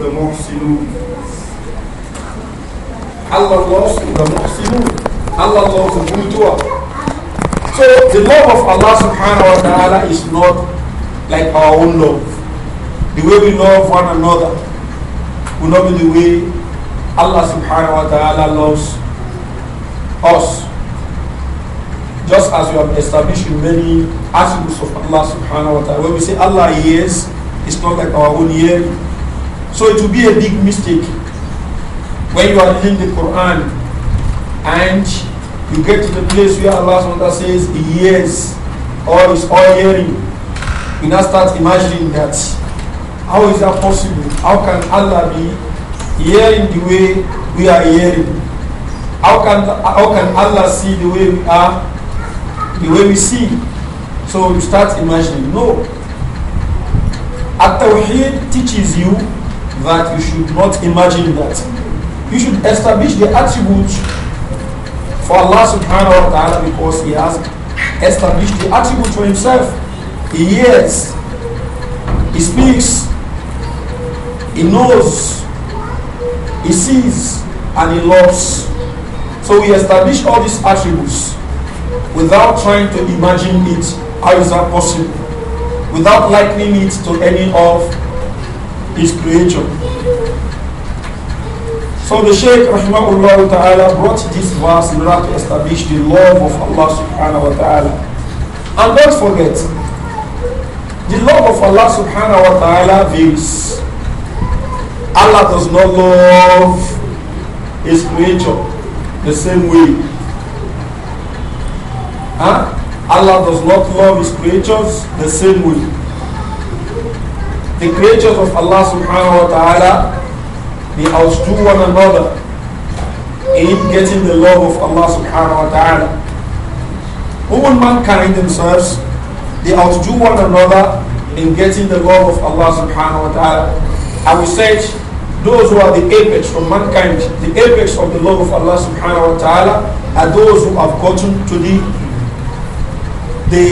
the muhsinun. Allah loves the muhsinun. Allah loves the good So the love of Allah subhanahu wa ta'ala is not like our own love. The way we love one another will not be the way Allah subhanahu wa ta'ala loves us. Just as we have established many attributes of Allah subhanahu wa ta'ala. When we say Allah is, it's not like our own hearing. So it will be a big mistake when you are reading the Quran and you get to the place where Allah says yes or is all hearing. You now start imagining that. How is that possible? How can Allah be hearing the way we are hearing? How can how can Allah see the way we are, the way we see? So you start imagining. No. At-Tawheed teaches you that you should not imagine that. You should establish the attributes for Allah subhanahu wa ta'ala because He has established the attributes for Himself. He hears, He speaks, He knows, He sees, and He loves. So we establish all these attributes without trying to imagine it. How is that possible? Without likening it to any of his creation. So the Shaykh Rahimahullah Ta'ala brought this verse in order to establish the love of Allah Subhanahu Wa Ta'ala. And don't forget, the love of Allah Subhanahu Wa Ta'ala varies. Allah does not love his creature the same way. Huh? Allah does not love his creatures the same way the creatures of Allah subhanahu wa ta'ala, they outdo one another in getting the love of Allah subhanahu wa ta'ala. Human mankind themselves, they outdo one another in getting the love of Allah subhanahu wa ta'ala. And we said, those who are the apex of mankind, the apex of the love of Allah subhanahu wa ta'ala, are those who have gotten to the, the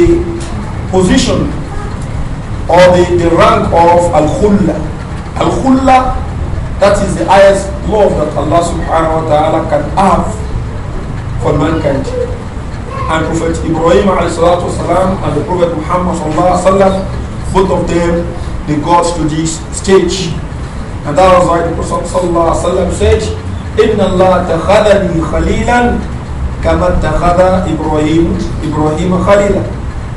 position or the, the rank of Al-Khulla. Al-Khulla, that is the highest love that Allah subhanahu wa ta'ala can have for mankind. And Prophet Ibrahim والسلام, and the Prophet Muhammad وسلم, both of them, they got to this stage. And that was why the Prophet said, "Inna Allah اتخذني خليلا كما اتخذ Ibrahim إبراهيم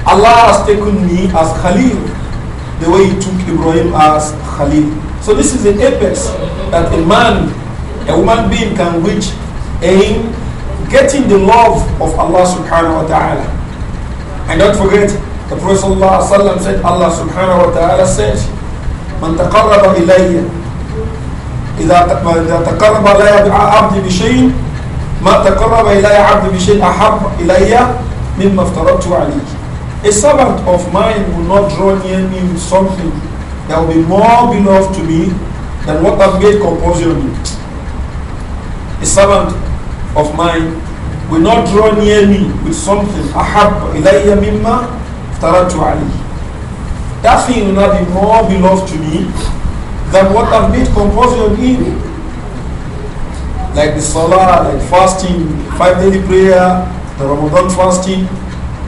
Allah has taken me as Khalil the way he took Ibrahim as Khalil. So this is the apex that a man, a human being can reach in getting the love of Allah subhanahu wa ta'ala. And don't forget, the Prophet ﷺ said, Allah subhanahu wa ta'ala said, من تقرب إلي إذا تقرب إلي عبدي بشيء ما تقرب إلي عبدي بشيء أحب إلي مما افترضته عليه a servant of mine will not draw near me with something that will be more beloved to me than what I've made compulsory on A servant of mine will not draw near me with something that thing will not be more beloved to me than what I've made compulsory on Like the salah, like fasting, five daily prayer, the Ramadan fasting,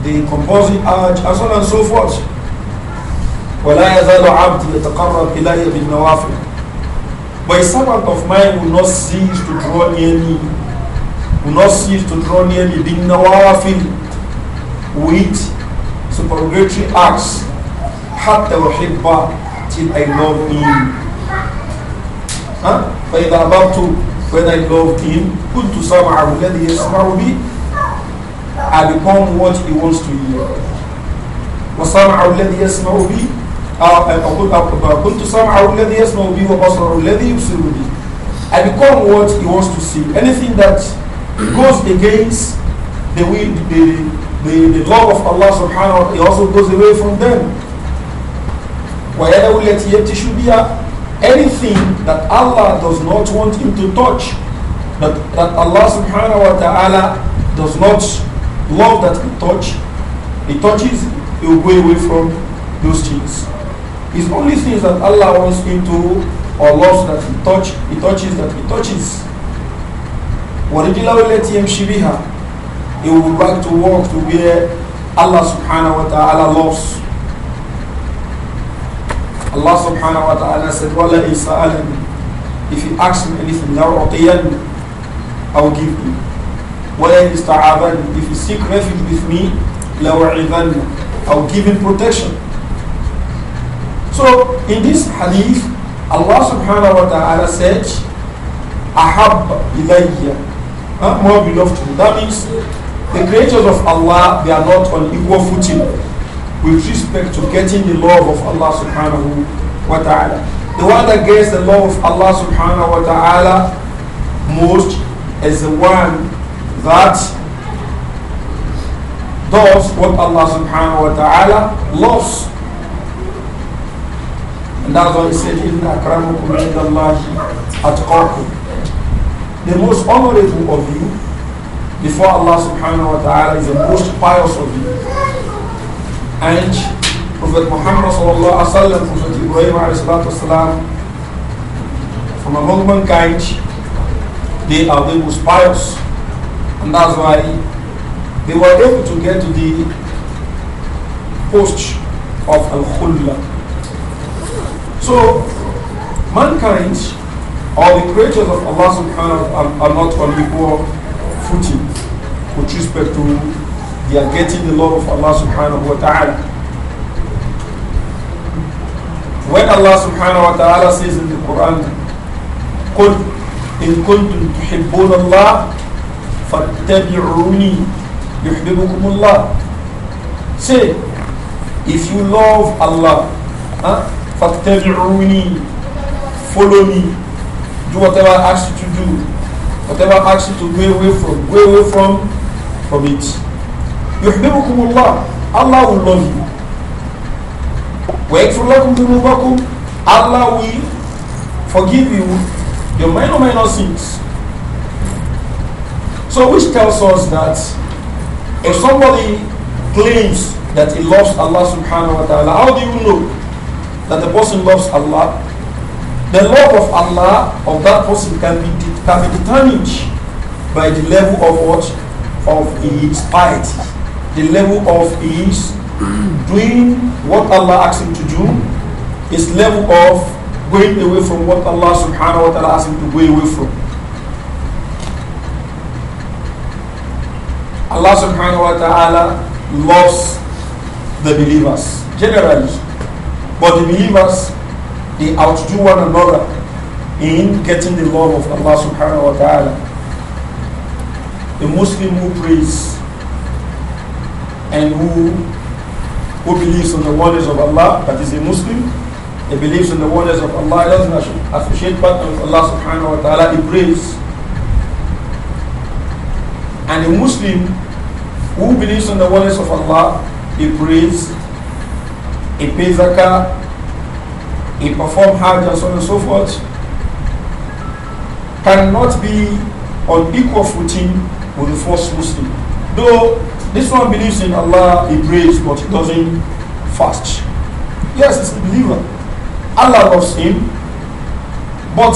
the composing hajj, and so on and so forth. وَلَا يَذَلُ عَبْدِ يَتَقَرَّبْ إِلَيَّ بِالنَّوَافِلِ But a servant of mine will not cease to draw near me, will not cease to draw near me بِالنَّوَافِلِ with supererogatory acts حَتَّى وَحِبَّ till I love him. Huh? فَإِذَا أَبَبْتُ when I love him, كُنْتُ سَمْعَهُ الَّذِي يَسْمَعُ بِهِ I become what he wants to hear. وسمعه الذي يسمع بي كنت سمعه الذي يسمع بي وبصره الذي يبصر بي I become what he wants to see. Anything that goes against the will, the, the, the law of Allah subhanahu wa ta'ala, he also goes away from them. وَيَدَوْ الَّتِي يَبْتِشُ بِيَا Anything that Allah does not want him to touch, that, that Allah subhanahu wa ta'ala does not love that it touch, it touches, it will go away from those things. It's only things that Allah wants him to or loves that he touch, he touches that he touches. him shibiha. He will go back to work to where Allah subhanahu wa ta'ala loves. Allah subhanahu wa ta'ala said, Wala If he asks me anything, I will give him when you if you seek refuge with me, I'll give him protection. So in this hadith, Allah subhanahu wa ta'ala said, Ahab ilayya, uh, more beloved to me. That means the creators of Allah, they are not on equal footing with respect to getting the love of Allah subhanahu wa ta'ala. The one that gets the love of Allah subhanahu wa ta'ala most is the one that does what Allah subhanahu wa ta'ala loves. And that's why he said, Inna akramakum indallahi atqakum. The most honorable of you before Allah subhanahu wa ta'ala is the most pious of you. And Prophet Muhammad sallallahu alaihi wasallam, Prophet Ibrahim alayhi salatu wasalam, from among mankind, they are the most pious. And that's why they were able to get to the post of Al Khullah. So, mankind or the creatures of Allah subhanahu wa ta'ala are not on equal footing with respect to they are getting the love of Allah subhanahu wa ta'ala. When Allah subhanahu wa ta'ala says in the Quran, قل إن كنتم تحبون الله فَاتَّبِعُونِي يُحْبِبُكُمُ اللَّهُ Say, if you love Allah, huh? فَاتَّبِعُونِي Follow me. Do whatever I ask you to do. Whatever I ask you to go away from, go away from, from it. يُحْبِبُكُمُ اللَّهُ Allah will love you. وَيَكْفِرْ لَكُمْ ذُنُوبَكُمْ Allah will forgive you your minor minor sins. So which tells us that if somebody claims that he loves Allah subhanahu wa ta'ala, how do you know that the person loves Allah? The love of Allah of that person can be, can be determined by the level of what? Of his piety, the level of his doing what Allah asks him to do, his level of going away from what Allah subhanahu wa ta'ala asks him to go away from. Allah subhanahu wa ta'ala loves the believers generally. But the believers, they outdo one another in getting the love of Allah subhanahu wa ta'ala. The Muslim who prays and who who believes in the wonders of Allah, that is a Muslim, he believes in the wonders of Allah, he doesn't associate partner of Allah subhanahu wa ta'ala, he prays. And a Muslim who believes in the oneness of Allah, he prays, he pays zakah, he performs hajj and so on and so forth, cannot be on equal footing with the first Muslim. Though this one believes in Allah, he prays, but he doesn't fast. Yes, he's a believer. Allah loves him, but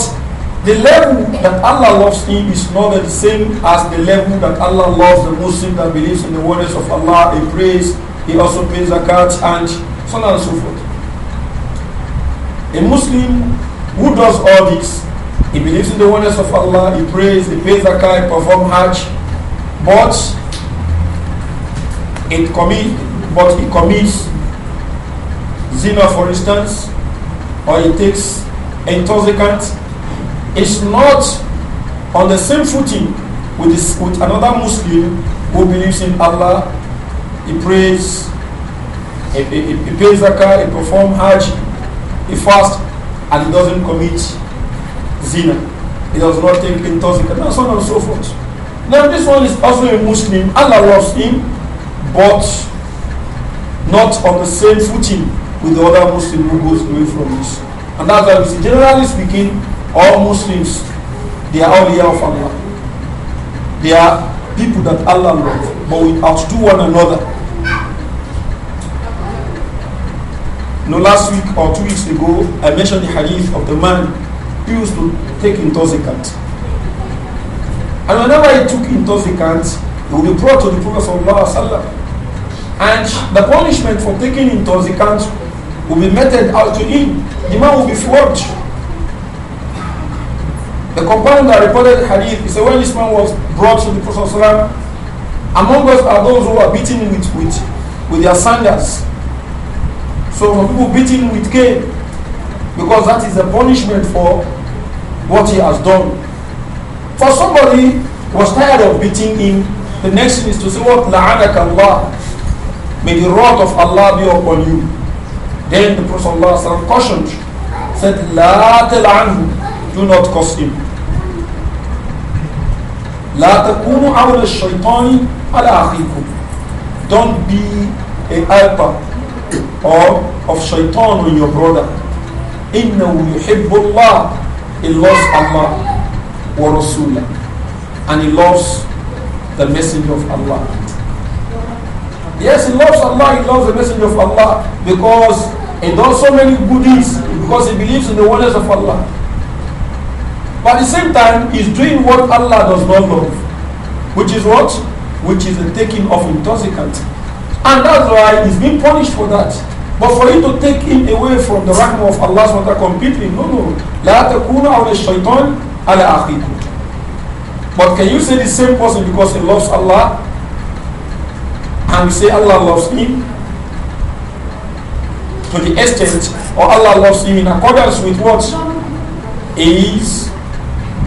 the level that Allah loves him is not the same as the level that Allah loves the Muslim that believes in the oneness of Allah, he prays, he also pays zakat and so on and so forth. A Muslim who does all this, he believes in the oneness of Allah, he prays, he pays zakat, he performs hajj, but it commit, but he commits zina for instance, or he takes intoxicants is not on the same footing with, this, with another Muslim who believes in Allah, he prays, he, he, he pays zakah, he performs hajj, he fasts, and he doesn't commit zina. He does not take intoxicant, and so on and so forth. Now this one is also a Muslim. Allah loves him, but not on the same footing with the other Muslim who goes away from this. And that's why we see, generally speaking, all Muslims, they are all here of Allah. They are people that Allah loves, but we outdo one another. You know, last week or two weeks ago, I mentioned the hadith of the man who used to take intoxicant. And whenever he took intoxicant, he would be brought to the Prophet Sallallahu And the punishment for taking intoxicant will be meted out to him. The man will be flogged. The companion that reported hadith, he said, when this man was brought to the Prophet among us are those who are beating with, with, with their sandals. So people people him with cane, because that is a punishment for what he has done. For somebody was tired of beating him, the next thing is to say, what la'anak Allah, may the wrath of Allah be upon you. Then the Prophet cautioned, said, La do not curse him. لا تكونوا عون الشيطان على أخيكم don't be a helper or of shaitan on your brother إنه يحب الله he loves Allah ورسوله and he loves the messenger of Allah yes he loves Allah he loves the messenger of Allah because he does so many good deeds because he believes in the oneness of Allah but at the same time, he's doing what Allah does not love, which is what? Which is the taking of intoxicant, And that's why he's being punished for that. But for you to take him away from the rahmah of Allah SWT completely, no, no. لا تكون على على But can you say the same person because he loves Allah and you say Allah loves him to the extent or Allah loves him in accordance with what is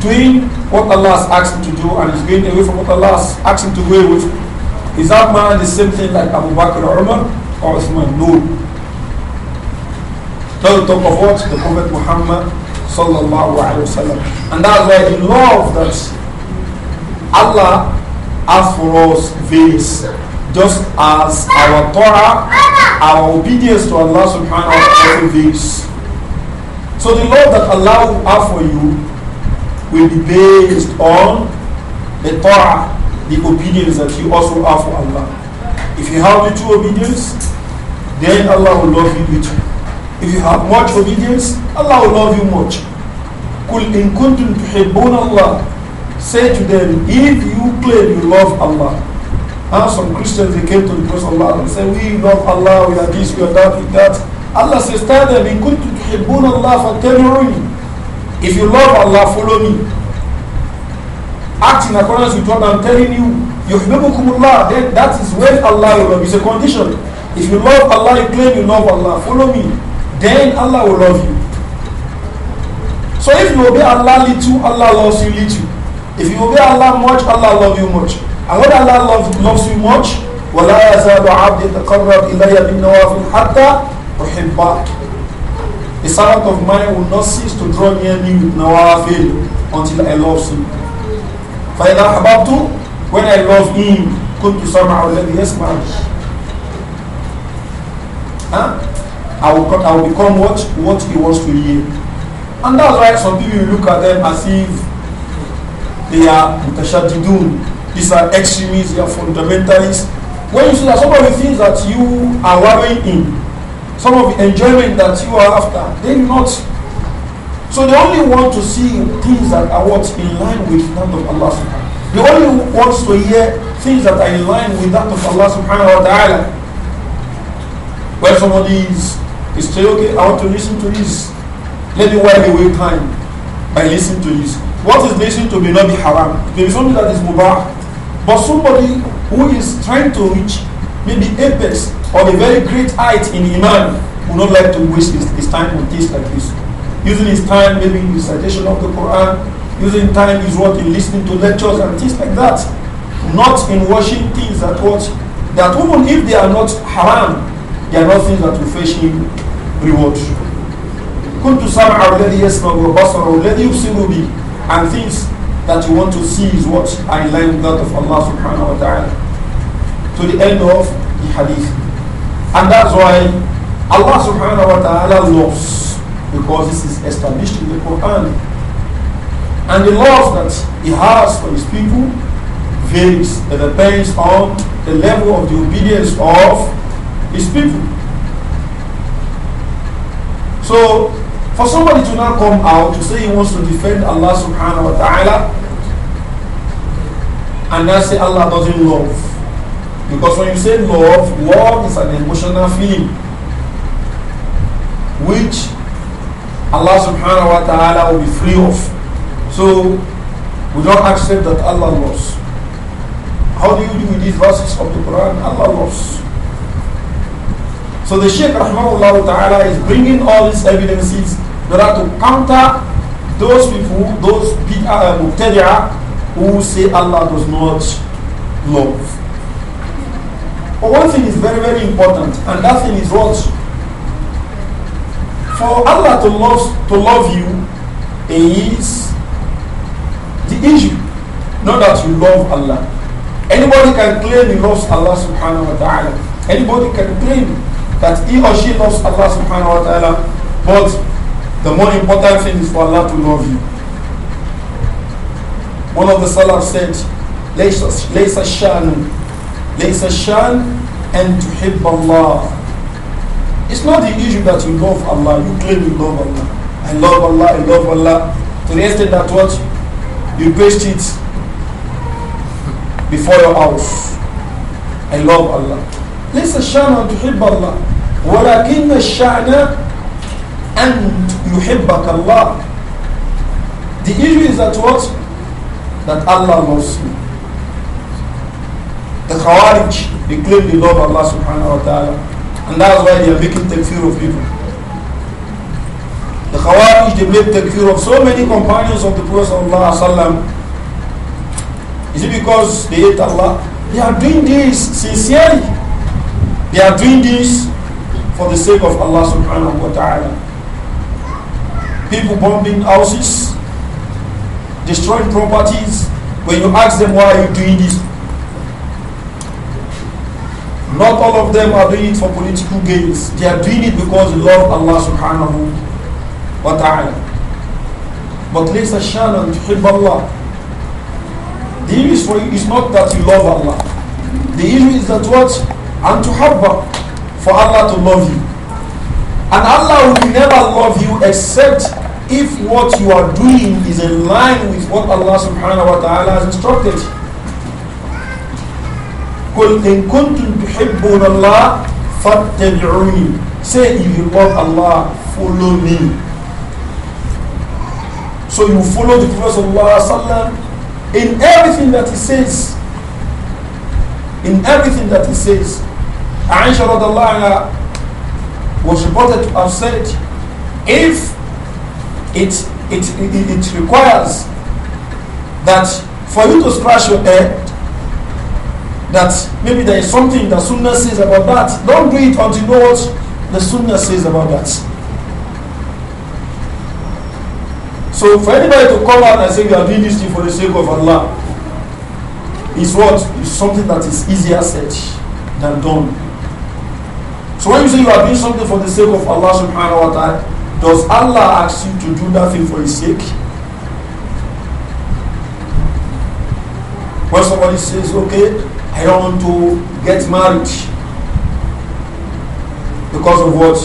doing what Allah has asked him to do and is going away from what Allah has asked him to go away from. Is that man the same thing like Abu Bakr or Umar or Uthman? No. Tell not talk of what? The Prophet Muhammad sallallahu alayhi wasallam. And that's why he love that Allah has for us this, just as our Torah, our obedience to Allah subhanahu wa ta'ala this. So the love that Allah will have for you will be based on the Torah, the obedience that you also have for Allah. If you have the true obedience, then Allah will love you little. If you have much obedience, Allah will love you much. قُلْ إِن كُنْتُمْ تُحِبُّونَ Allah Say to them, if you claim you love Allah. Now some Christians, they came to the Prophet Allah and said, we love Allah, we are this, we are that, we are that. Allah says, tell them, إِن Allah for اللَّهِ فَاتَّبِعُونِ if you love Allah, follow me. Act in accordance with what I'm telling you. Yuhibbukumullah, then that is where Allah will love It's a condition. If you love Allah, you claim you love Allah, follow me. Then Allah will love you. So if you obey Allah little, Allah loves you little. If you obey Allah much, Allah loves you much. And when Allah loves, loves you much, وَلَا يَزَالُ عَبْدِ يَتَقَرَّبْ إِلَيَّ بِالنَّوَافِلِ حَتَّى أُحِبَّهُ a servant of mine will not cease to draw near me with no avail until I love him. فَإِذَا أَحْبَبْتُ When I love him, كُنْتُ سَمْعَهُ الَّذِي يَسْمَعُ Huh? I will, I will become what, what he wants to hear. And that's why some people look at them as if they are mutashadidun. These are extremists, they are fundamentalists. When you see that somebody thinks that you are worrying in some of the enjoyment that you are after. They not. So they only want to see things that are what in line with that of Allah subhanahu They only want to hear things that are in line with that of Allah subhanahu wa ta'ala. When somebody is, is saying, okay, I want to listen to this. Let me while away time by listening to this. What is listening to may not be haram. It may be something that is mubah. But somebody who is trying to reach maybe apex of a very great height in Iman would not like to waste his, his time with things like this. Using his time maybe in recitation of the Quran, using time is what in listening to lectures and things like that. Not in washing things that what that even if they are not haram, they are not things that will fetch him reward. كنت سمع الذي يسمع وبصر الذي يبصر به and things that you want to see is what are in line with that of Allah subhanahu wa ta'ala to the end of the hadith. And that's why Allah subhanahu wa ta'ala loves because this is established in the Quran. And the love that He has for His people varies. It depends on the level of the obedience of His people. So, for somebody to now come out to say he wants to defend Allah subhanahu wa ta'ala and now say Allah doesn't love, because when you say love, love is an emotional feeling which Allah subhanahu wa ta'ala will be free of. So we don't accept that Allah loves. How do you do with these verses of the Quran? Allah loves. So the Shaykh rahmahullah ta'ala is bringing all these evidences that are to counter those people, those bid'ah, uh, who say Allah does not love. But one thing is very, very important, and that thing is what? For Allah to love, to love you is the issue, not that you love Allah. Anybody can claim he loves Allah subhanahu wa ta'ala. Anybody can claim that he or she loves Allah subhanahu wa ta'ala. But the more important thing is for Allah to love you. One of the Salaf said, ليس الشأن لَيْسَ الشَّانْ أَنْ تُحِبَّ اللَّهِ It's not the issue that you love Allah, you claim you love Allah. I love Allah, I love Allah. To the extent that what? You paste it before your house. I love Allah. ليس الشأن أن تحب الله ولكن الشأن أن يحبك الله The issue is that what? That Allah loves you. The Khawarij, they claim the love Allah subhanahu wa ta'ala. And that's why they are making takfir of people. The Khawarij, they made takfir of so many companions of the Prophet sallallahu alaihi wasallam. Is it because they hate Allah? They are doing this sincerely. They are doing this for the sake of Allah subhanahu wa ta'ala. People bombing houses, destroying properties. When you ask them why are you doing this, not all of them are doing it for political gains. They are doing it because they love Allah subhanahu wa ta'ala. But ليس الشان تحب الله. The issue is for you is not that you love Allah. The issue is that what? and to have for Allah to love you. And Allah will never love you except if what you are doing is in line with what Allah subhanahu wa ta'ala has instructed قل إن كنتم تحبون الله فاتبعوني say if you love Allah follow me so you follow the Prophet sallallahu in everything that he says in everything that he says Aisha radiallahu was reported to have said if it, it, it, it requires that for you to scratch your head that maybe there is something that Sunnah says about that. Don't do it until you know what the Sunnah says about that. So for anybody to come out and say you are doing this thing for the sake of Allah is what is something that is easier said than done. So when you say you are doing something for the sake of Allah subhanahu wa ta'ala, does Allah ask you to do that thing for his sake? When somebody says, okay, I don't want to get married. Because of what?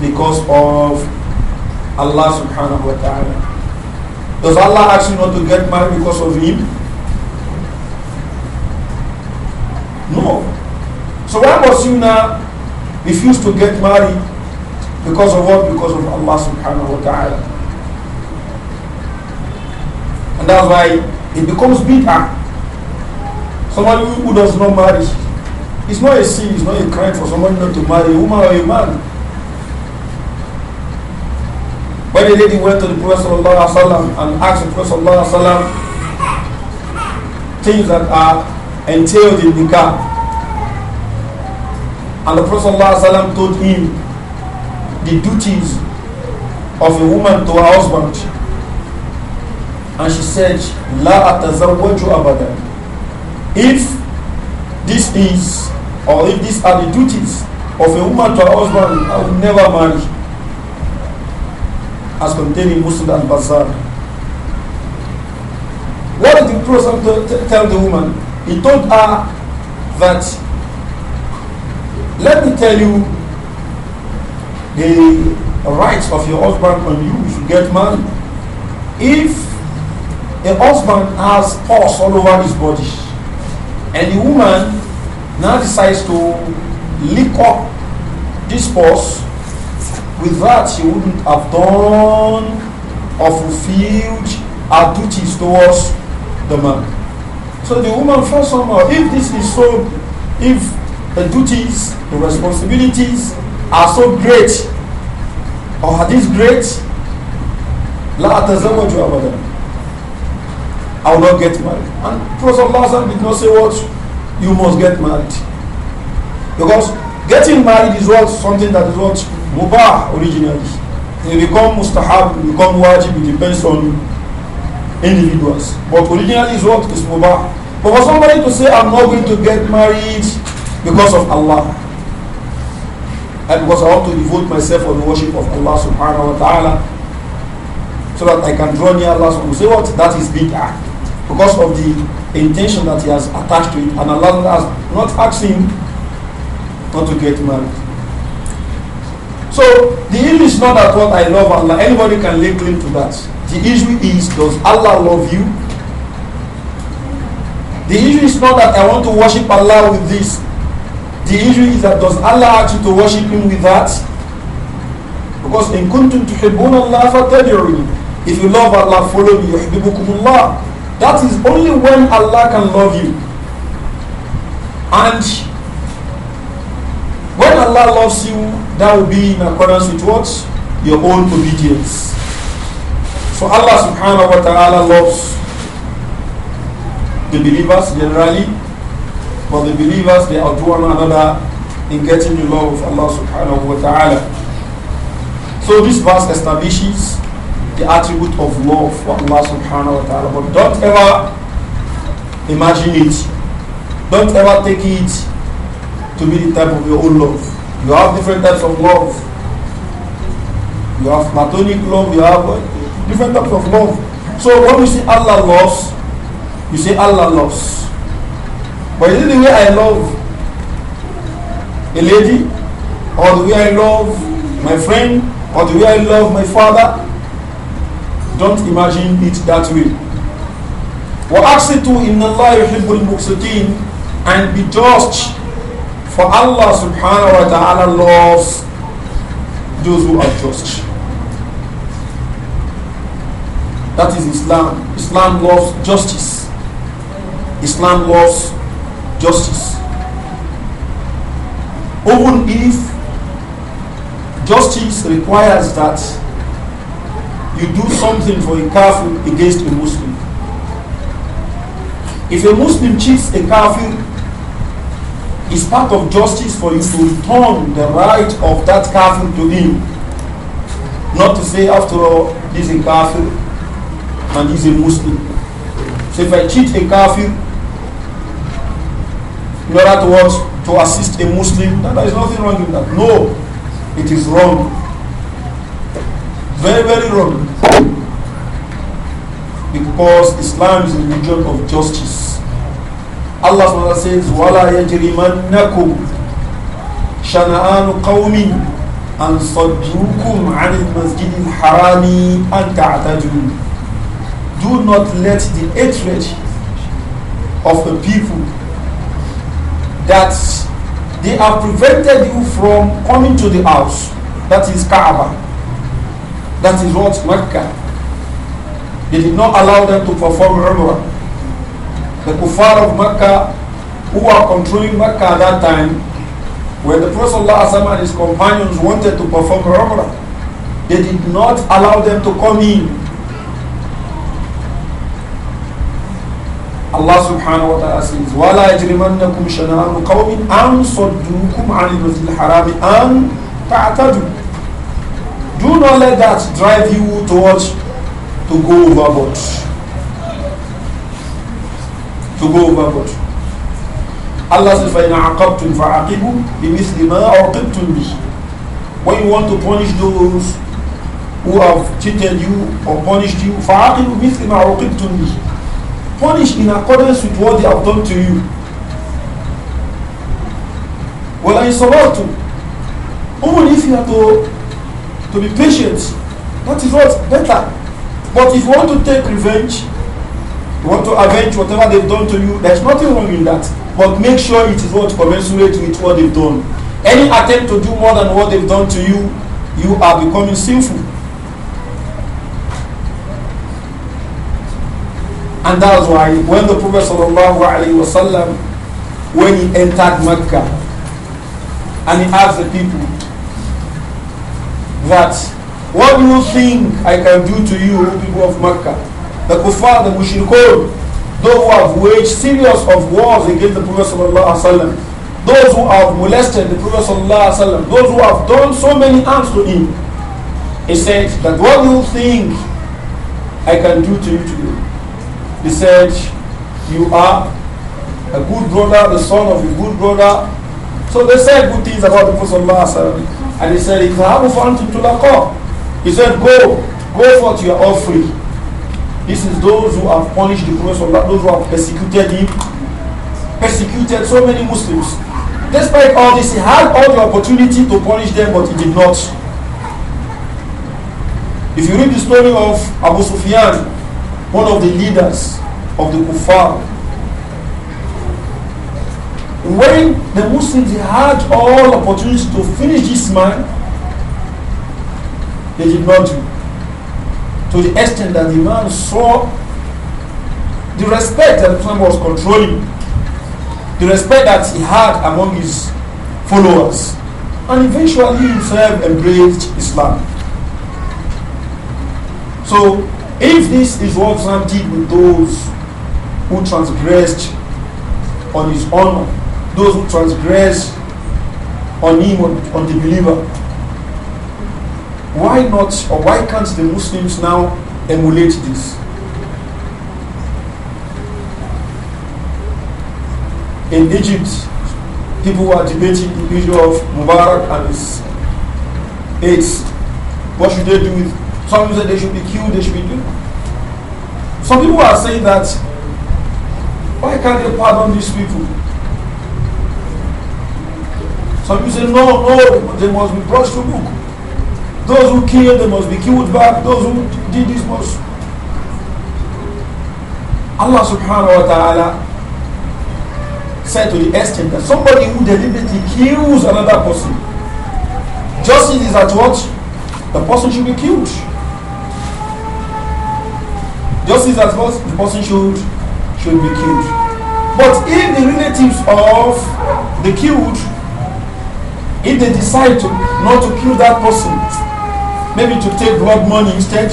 Because of Allah subhanahu wa ta'ala. Does Allah ask you not to get married because of him? No. So why must you now refuse to get married because of what? Because of Allah subhanahu wa ta'ala. And that's why it becomes bitter. Somebody who does not marry, it's not a sin, it's not a crime for somebody not to marry a woman or a man. When the lady went to the Prophet ﷺ and asked the Prophet ﷺ things that are entailed in nikah, and the Prophet ﷺ told him the duties of a woman to her husband, and she said, "La atazawwaju abadan." If this is, or if these are the duties of a woman to her husband, I will never marry. As contained in Muslim and Bazaar. What did the Prophet tell the woman? He told her that, let me tell you the rights of your husband on you if you get married. If a husband has pus all over his body, and the woman now decides to lick up this purse. With that, she wouldn't have done or fulfilled her duties towards the man. So the woman felt somehow, if this is so, if the duties, the responsibilities are so great, or are these great, لا أتزوج أبدا I will not get married. And Prophet Allah did not say what you must get married. Because getting married is what something that is what mubah originally. It become mustahab, it become wajib, it depends on individuals. But originally is what is mubah. But for somebody to say I'm not going to get married because of Allah. And because I want to devote myself on the worship of Allah subhanahu wa ta'ala so that I can draw near Allah subhanahu wa ta'ala. Say what? That is act because of the intention that he has attached to it, and Allah has not asked him not to get married. So the issue is not that what I love Allah. Anybody can lay claim to that. The issue is does Allah love you? The issue is not that I want to worship Allah with this. The issue is that does Allah ask you to worship Him with that? Because in kuntum tuhibbun Allah fatabi'uni. If you love Allah, follow me. Yuhibbukum Allah. That is only when Allah can love you. And when Allah loves you, that will be in accordance with what? Your own obedience. So Allah subhanahu wa ta'ala loves the believers generally, but the believers they outdo one another in getting the love of Allah subhanahu wa ta'ala. So this verse establishes the attribute of love for Allah subhanahu wa ta'ala. But don't ever imagine it. Don't ever take it to be the type of your own love. You have different types of love. You have platonic love, you have uh, different types of love. So when you say Allah loves, you say Allah loves. But is it the way I love a lady? Or the way I love my friend? Or the way I love my father? Don't imagine it that way. وَأَقْسِطُوا إِنَّ اللَّهَ يُحِبُّ الْمُقْسِطِينَ And be just, for Allah subhanahu wa ta'ala loves those who are just. That is Islam. Islam loves justice. Islam loves justice. Even if justice requires that you do something for a kafir against a Muslim. If a Muslim cheats a kafir, it's part of justice for you to return the right of that kafir to him. Not to say, after all, this is a kafir and he's a Muslim. So if I cheat a kafir in order to, to assist a Muslim, then there is nothing wrong with that. No, it is wrong. Very, very wrong. Because Islam is a religion of justice. Allah says, وَلَا يَجْرِمَنَّكُمْ شنآن قوم أن صدوكم عن المسجد الحرام أن تعتدوا Do not let the hatred of the people that they have prevented you from coming to the house, that is Kaaba, that is what Mecca. They did not allow them to perform Umrah. The kuffar of Mecca, who were controlling Mecca at that time, when the Prophet ﷺ and his companions wanted to perform Umrah, they did not allow them to come in. Allah subhanahu wa ta'ala says, وَلَا يَجْرِمَنَّكُمْ شَنَانُ قَوْمٍ أَنْ صَدُّوكُمْ عَنِ الْمَسْجِدِ الْحَرَامِ أَنْ تَعْتَدُوا do not let that drive you towards to go overboard. To go overboard. Allah says, فَإِنْ عَقَبْتُمْ فَعَقِبُوا بِمِثْلِ مَا عُقِبْتُمْ بِهِ When you want to punish those who have cheated you or punished you, فَعَقِبُوا بِمِثْلِ مَا عُقِبْتُمْ بِهِ Punish in accordance with what they have done to you. وَلَا يَصَبَرْتُمْ Even if you are to to be patient. That is what's better. But if you want to take revenge, you want to avenge whatever they've done to you, there's nothing wrong in that. But make sure it is what commensurate with what they've done. Any attempt to do more than what they've done to you, you are becoming sinful. And that's why when the Prophet wasallam, when he entered Mecca and he asked the people, that what do you think I can do to you, people of Mecca? The kuffar, the mushrikun, those who have waged serious of wars against the Prophet sallallahu those who have molested the Prophet sallallahu those who have done so many harms to him. He said that what do you think I can do to you today? He said, you are a good brother, the son of a good brother. So they said good things about the Prophet sallallahu and he said, Ikhabu to tulaqa. He said, go, go forth, you are all free. This is those who have punished the Prophet, those who have persecuted him, persecuted so many Muslims. Despite all this, he had all the opportunity to punish them, but he did not. If you read the story of Abu Sufyan, one of the leaders of the Kufar, when the Muslims had all opportunities to finish this man, they did not do. To the extent that the man saw the respect that Islam was controlling, the respect that he had among his followers, and eventually himself embraced Islam. So, if this is what Islam did with those who transgressed on his honor, those who transgress on him, on, on the believer. Why not, or why can't the Muslims now emulate this? In Egypt, people were debating the issue of Mubarak and his aides. What should they do with some people said they should be killed, they should be killed. Some people are saying that why can't they pardon these people? Some people say, no, no, they must be brought to book. Those who killed, they must be killed back. Those who did this must. Allah subhanahu wa ta'ala said to the extent that somebody who deliberately kills another person, justice is at what? The person should be killed. Justice at what? The person should, should be killed. But if the relatives of the killed if they decide to not to kill that person, maybe to take blood money instead,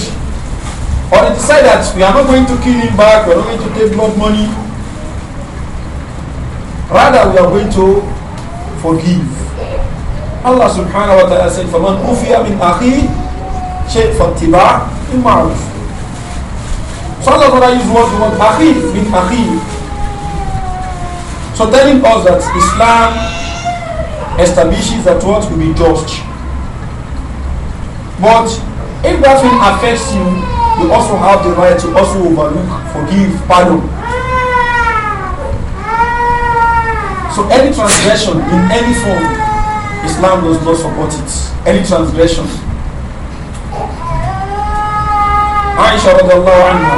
or they decide that we are not going to kill him back, we are not going to take blood money. Rather, we are going to forgive. Allah subhanahu wa ta'ala said, فَمَنْ أُفِيَ مِنْ أَخِيهِ شَيْءٍ فَاتِّبَعْ بِالْمَعْرُوفِ So Allah Ta'ala used what word أَخِي min أَخِي. So telling us that Islam establishes that what will be judged. But if that thing affects you, you also have the right to also overlook, forgive, pardon. So any transgression in any form, Islam does not support it. Any transgression. Aisha anha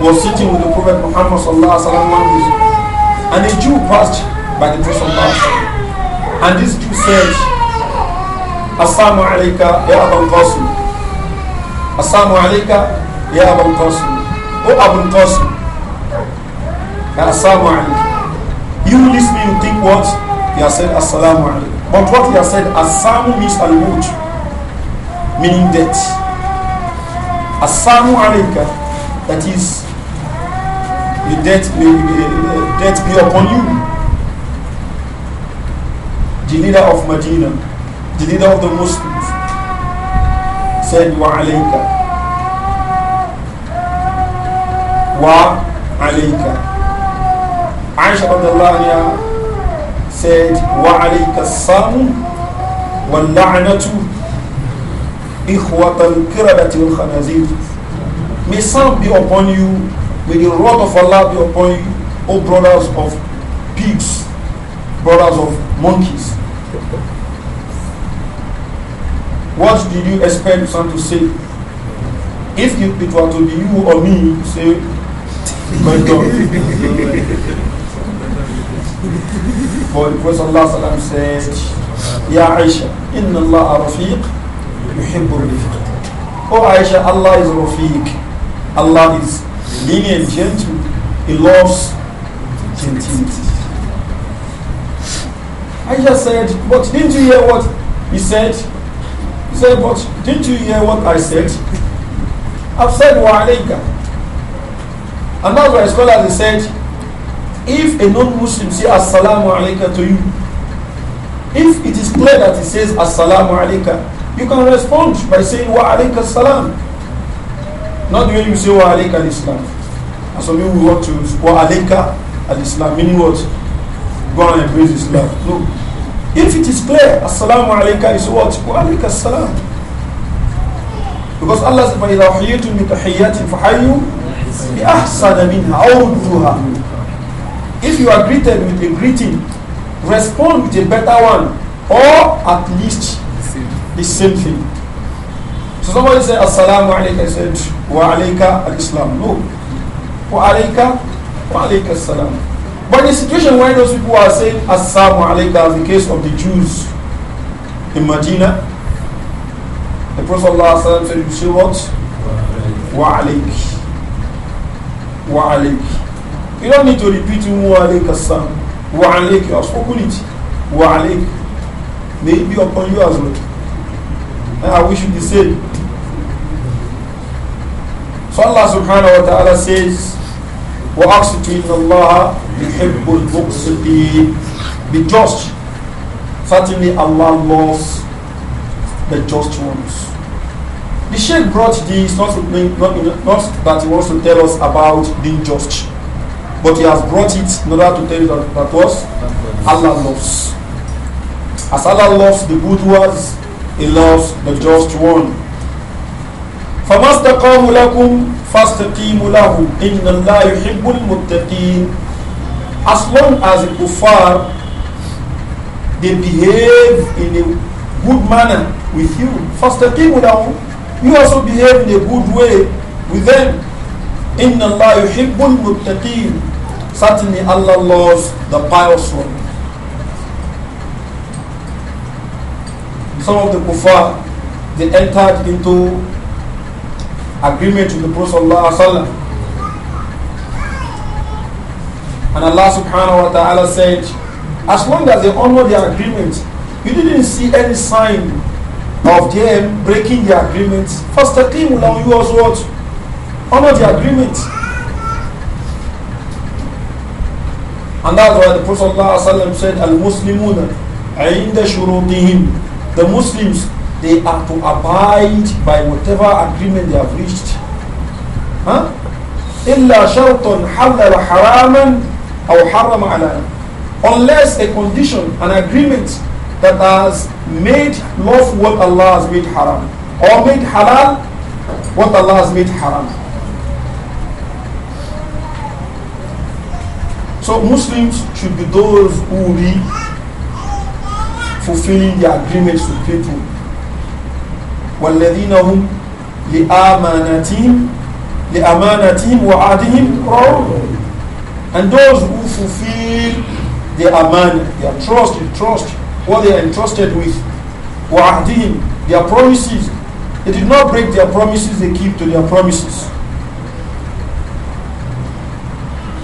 was sitting with the Prophet Muhammad sallallahu alaihi wasallam and a Jew passed by the Prophet Muhammad. And these two said, Assalamu alayka ya Abu Qasim. Assalamu alayka ya Abu Qasim. O Abu Qasim. Assalamu alayka. You listen. you think what? He has said Assalamu alayka. But what he has said, Assamu means al -Mud, meaning death. Assalamu alayka, that is, the death may, may, may, death be upon you. the leader of Medina, the leader of the Muslims, said, Wa alayka. Wa alayka. Aisha radiallahu said, Wa alayka samu wal la'natu ikhwat al-kiradati al khanazir. May Psalm be upon you, may the wrath of Allah be upon you, O brothers of pigs, brothers of monkeys. what did you expect son to say? If you, it were to be you or me, say, my God. For the Prophet Allah said, Ya Aisha, Inna Allah Rafiq, Yuhibbu Rafiq. Oh Aisha, Allah is Rafiq. Allah is lenient, gentle. He loves gentility. Aisha said, but didn't you hear what he said? Say, but didn't you hear what I said? I've said wa alayka. And that's why scholars said, if a non-Muslim says assalamu alaikum to you, if it is clear that he says assalamu alaikum, you can respond by saying wa alayka salam. Not the way you say wa alayka al-Islam. And some people want to wa alayka al-Islam, meaning what? Go and embrace Islam. No. If it is clear, Assalamu alaikum is what? Wa alaikum Salam. Because Allah says, فَإِذَا حِيَّتُمْ to فَحَيُّوا بِأَحْسَنَ مِنْهَا you? If you are greeted with a greeting, respond with a better one, or at least the same thing. So somebody said, Assalamu alaikum, I said, Wa alaikum al-Islam. No. Wa alaikum, wa alaikum Salam. But in the situation where those people are saying Assalamu alaikum, as the case of the Jews in Medina, the Prophet Allah said, You say what? Wa alaik. Wa alaik. You don't need to repeat Wa alaik assalam. Wa alaik. You have spoken it. Wa alaik. May it be upon you as well. And I wish you the same. So Allah subhanahu wa ta'ala says, وَأَقْسِطُ إِنَّ Allah. يحب المقسطين be just certainly Allah loves the just ones the Sheikh brought this not, to, not, not that he wants to tell us about being just but he has brought it in order to tell us that, that was Allah loves as Allah loves the good ones he loves the just one فما لكم فاستقيموا لهم إن الله يحب المتقين as long as the kuffar, they behave in a good manner with you, first down, you also behave in a good way with them. Inna Allah yuhibbul muttaqin. Certainly Allah loves the pious one. Some of the kuffar, they entered into agreement with the Prophet Sallallahu Alaihi Wasallam And Allah subhanahu wa ta'ala said, as long as they honor their agreement, you didn't see any sign of them breaking their agreement. First time you also what? Honor the agreement. And that's why the Prophet ﷺ said, Al-Muslimuna, عند شروطهم. The Muslims, they are to abide by whatever agreement they have reached. Huh? إلا شرط حلل حراما أو حرم على unless a condition, an agreement that has made lawful what Allah has made haram or made halal what Allah has made haram. So Muslims should be those who will be fulfilling the agreements with people. والذين هم لأمانتهم لأمانتهم وعهدهم راعون and those who fulfill their aman, their trust, their trust, what they are entrusted with, waadim, their promises, they did not break their promises, they keep to their promises.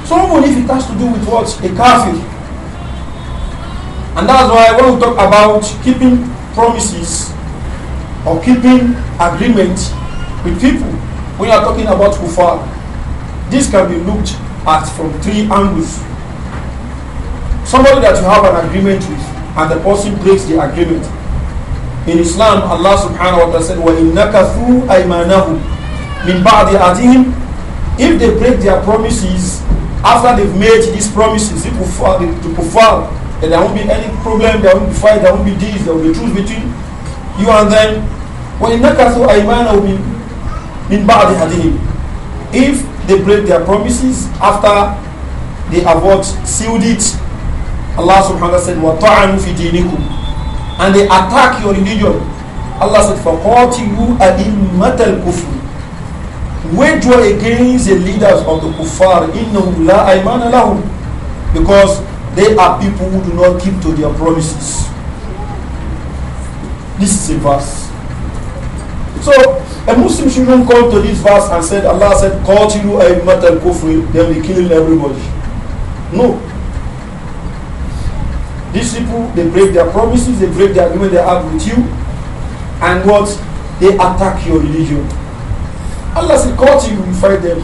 So even if it has to do with what? A kafir. And that's why when we talk about keeping promises or keeping agreement with people, we are talking about kufar. This can be looked at from three angles. Somebody that you have an agreement with and the person breaks the agreement. In Islam, Allah subhanahu wa ta'ala said, وَإِنَّكَ ثُرُوا أَيْمَانَهُمْ مِنْ بَعْدِ أَدِهِمْ If they break their promises, after they've made these promises, it will fall, it will fall. And there won't be any problem, there won't be fight, there won't be this, there will be truth between you and them. وَإِنَّكَ ثُرُوا أَيْمَانَهُمْ مِنْ بَعْدِ أَدِهِمْ If they break their promises after they have what sealed it. Allah subhanahu wa ta'ala said, وَطَعَنُوا فِي And they attack your religion. Allah said, فَقَاتِلُوا أَئِمَّةَ الْكُفْرِ Wage war against the leaders of the kuffar. in لَا أَيْمَانَ لَهُمْ Because they are people who do not keep to their promises. This is a verse. So a Muslim shouldn't come to this verse and said, Allah said, Qatilu Aimat and Kufri, they'll be killing everybody. No. These people, they break their promises, they break the agreement they have with you, and what? They attack your religion. Allah said, Qatilu, you fight them.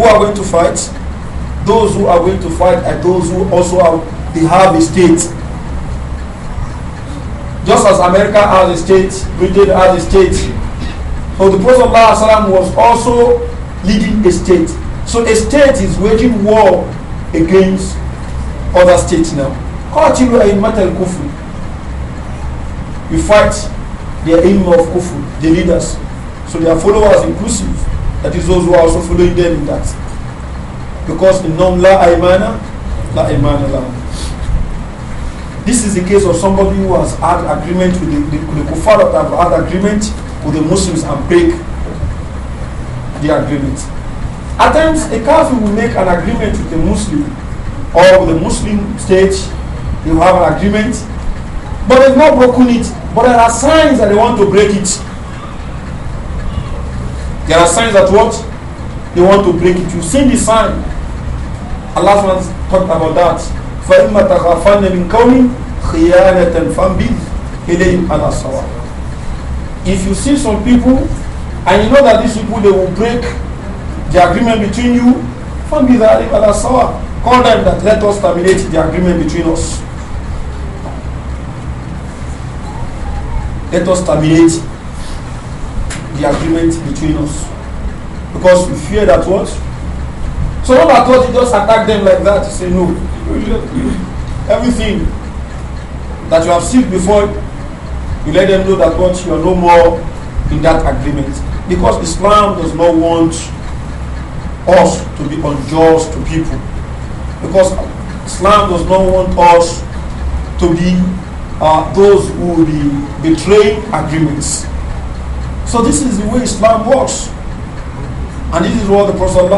Who are going to fight? Those who are going to fight are those who also have, they have a state. Just as America has a state, Britain has a state, so oh, the Prophet ﷺ was also leading a state. So a state is waging war against other states now. Qatilu Aimatal Kufr. You fight their aim of Kufu, the leaders. So their followers inclusive. That is those who are also following them in that. Because in nom la aimana, la aymana la. This is the case of somebody who has had agreement with the, the, the kufar that have had agreement with the Muslims and break the agreement. At times, a Caliph will make an agreement with a Muslim or with a Muslim state. They will have an agreement, but they've not broken it. But there are signs that they want to break it. There are signs that what? They want to break it. You've seen the sign. Allah talked about that. فَإِمَّا تَخَافَنَّ مِنْ قَوْمٍ خِيَانَةً فَانْبِذْ إِلَيْهِمْ عَلَى الصَّوَابِ if you see some people and you know that these people they will break the agreement between you, forgive that sawa. Call them that let us terminate the agreement between us. Let us terminate the agreement between us. Because we fear that what? So not at all, you just attack them like that. You say, no. Everything that you have seen before you let them know that once you are no more in that agreement. Because Islam does not want us to be unjust to people. Because Islam does not want us to be uh, those who will be betraying agreements. So this is the way Islam works. And this is what the Prophet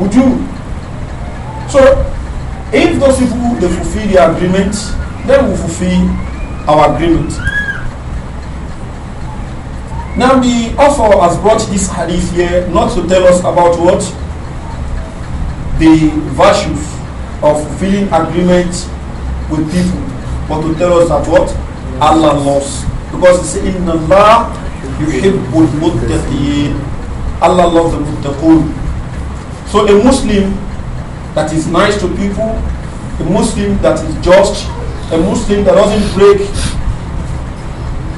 would do. So if those people they fulfill the agreement, they will fulfill our agreement. Now the author has brought this hadith here not to tell us about what the virtues of feeling agreement with people, but to tell us that what Allah loves. Because it's in Allah yuhibbul muttaqeen. Allah loves the muttaqun. So a Muslim that is nice to people, a Muslim that is just, a Muslim that doesn't break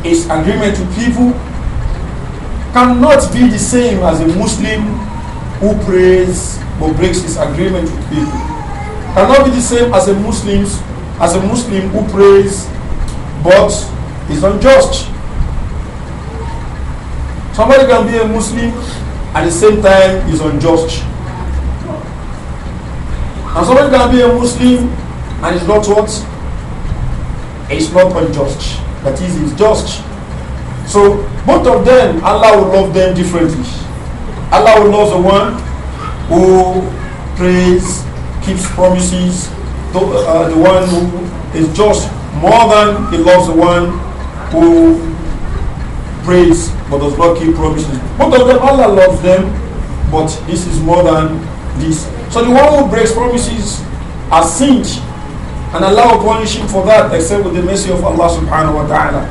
his agreement with people cannot be the same as a Muslim who prays but breaks his agreement with people. Cannot be the same as a Muslim as a Muslim who prays but is unjust. Somebody can be a Muslim at the same time is unjust. And somebody can be a Muslim and is not what? is not unjust. That is, it's just. So both of them, Allah will love them differently. Allah will love the one who prays, keeps promises, the, uh, the one who is just more than he loves the one who prays but does not keep promises. Both of them, Allah loves them, but this is more than this. So the one who breaks promises has sinned and Allah will punish him for that except with the mercy of Allah subhanahu wa ta'ala.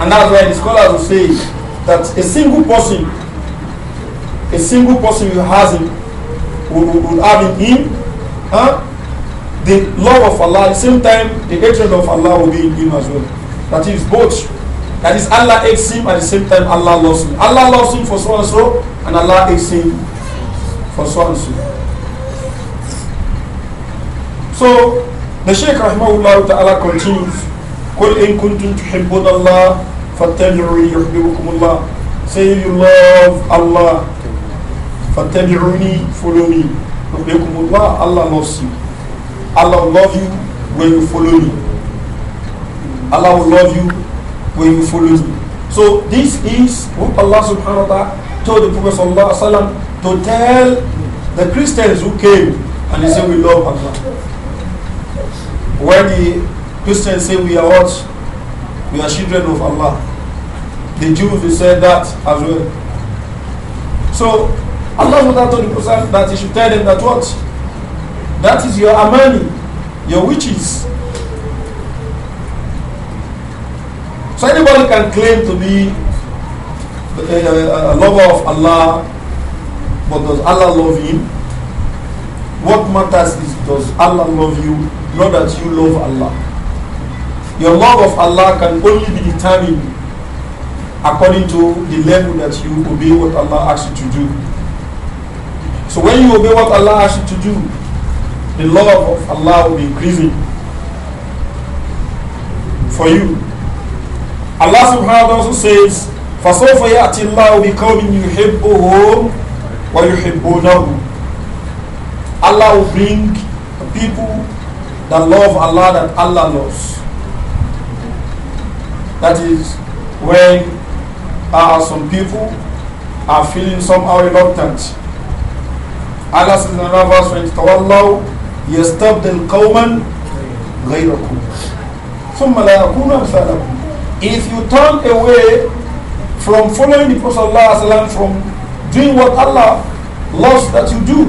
And that's why the scholars will say that a single person, a single person who has him, will, will, will have in him huh? the love of Allah, at the same time the hatred of Allah will be in him as well. That is both. That is Allah hates him at the same time Allah loves him. Allah loves him for so and so, and Allah hates him for so and so. So the Shaykh Rahimahullah Ta'ala continues, قُلْ إِن كُنْتُمْ تُحِبُّونَ اللَّهِ فَاتَّبِعُونِ يُحْبِبُكُمُ اللَّهِ Say you love Allah, فَاتَّبِعُونِ Follow me. يُحْبِبُكُمُ اللَّهِ Allah loves you. Allah will love you when you follow me. Allah will love you when you follow me. So this is what Allah subhanahu wa ta'ala told the Prophet sallallahu alaihi wasallam to tell the Christians who came and he said we love Allah. When the Christians say we are what? We are children of Allah. The Jews will said that as well. So Allah would have told the Prophet that he should tell them that what? That is your Amani, your witches. So anybody can claim to be a, uh, a lover of Allah, but does Allah love him? What matters is does Allah love you? know that you love Allah. Your love of Allah can only be determined according to the level that you obey what Allah asks you to do. So when you obey what Allah asks you to do, the love of Allah will be increasing for you. Allah subhanahu also says, فَسَوْفَ يَأْتِ اللَّهُ بِقَوْمٍ يُحِبُّهُمْ وَيُحِبُّونَهُ Allah will bring people that love Allah that Allah loves. That is when uh, some people are feeling somehow reluctant. Allah says in another verse, when tawallahu yastabdil qawman ghayrakum thumma la yakunu amthalakum. If you turn away from following the Prophet Allah from doing what Allah loves that you do,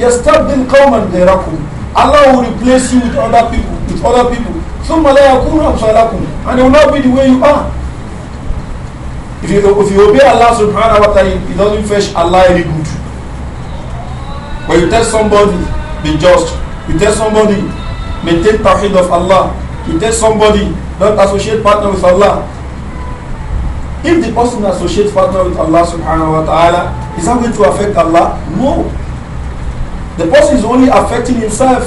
yastabdil qawman ghayrakum Allah will replace you with other people, with other people. ثم لا يكون أمثالكم and it will not be the way you are. If you, if you obey Allah subhanahu wa ta'ala, it doesn't fetch Allah any good. When you tell somebody, be just. You tell somebody, maintain tawhid of Allah. You tell somebody, don't associate partner with Allah. If the person associates partner with Allah subhanahu wa ta'ala, is that going to affect Allah? No. the person is only affecting himself.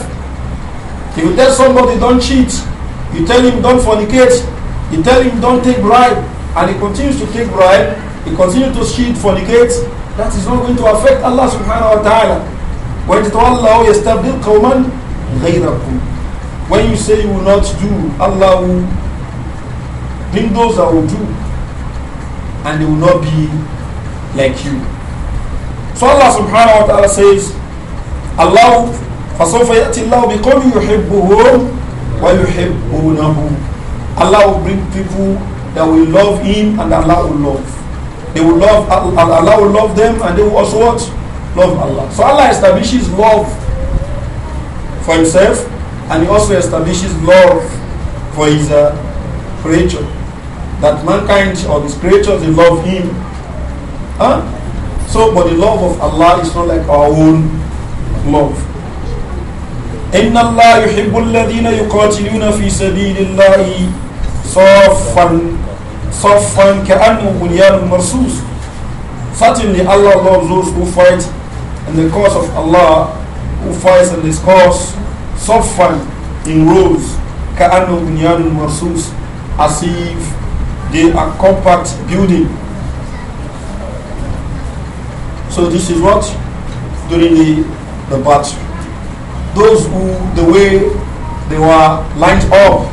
If you tell somebody don't cheat, you tell him don't fornicate, you tell him don't take bribe, and he continues to take bribe, he continues to cheat, fornicate, that is not going to affect Allah subhanahu wa ta'ala. When Allah يستبدل oh, قوما When you say you will not do, Allah will bring those that will do and they will not be like you. So Allah subhanahu wa ta'ala says, Allah فسوف يأتي الله بقوم يحبهم ويحبونه Allah will bring people that will love him and Allah will love. They will love Allah will love them and they will also what? Love Allah. So Allah establishes love for himself and he also establishes love for his uh, creature. That mankind or his creatures they love him. Huh? So but the love of Allah is not like our own love. إن الله يحب الذين يقاتلون في سبيل الله صفا صفا كأنه بنيان مرصوص. Certainly Allah loves those who fight in the cause of Allah, who fights in this cause, صفا in rows, كأنه بنيان مرصوص, as if they are compact building. So this is what during the the battle. Those who, the way they were lined up,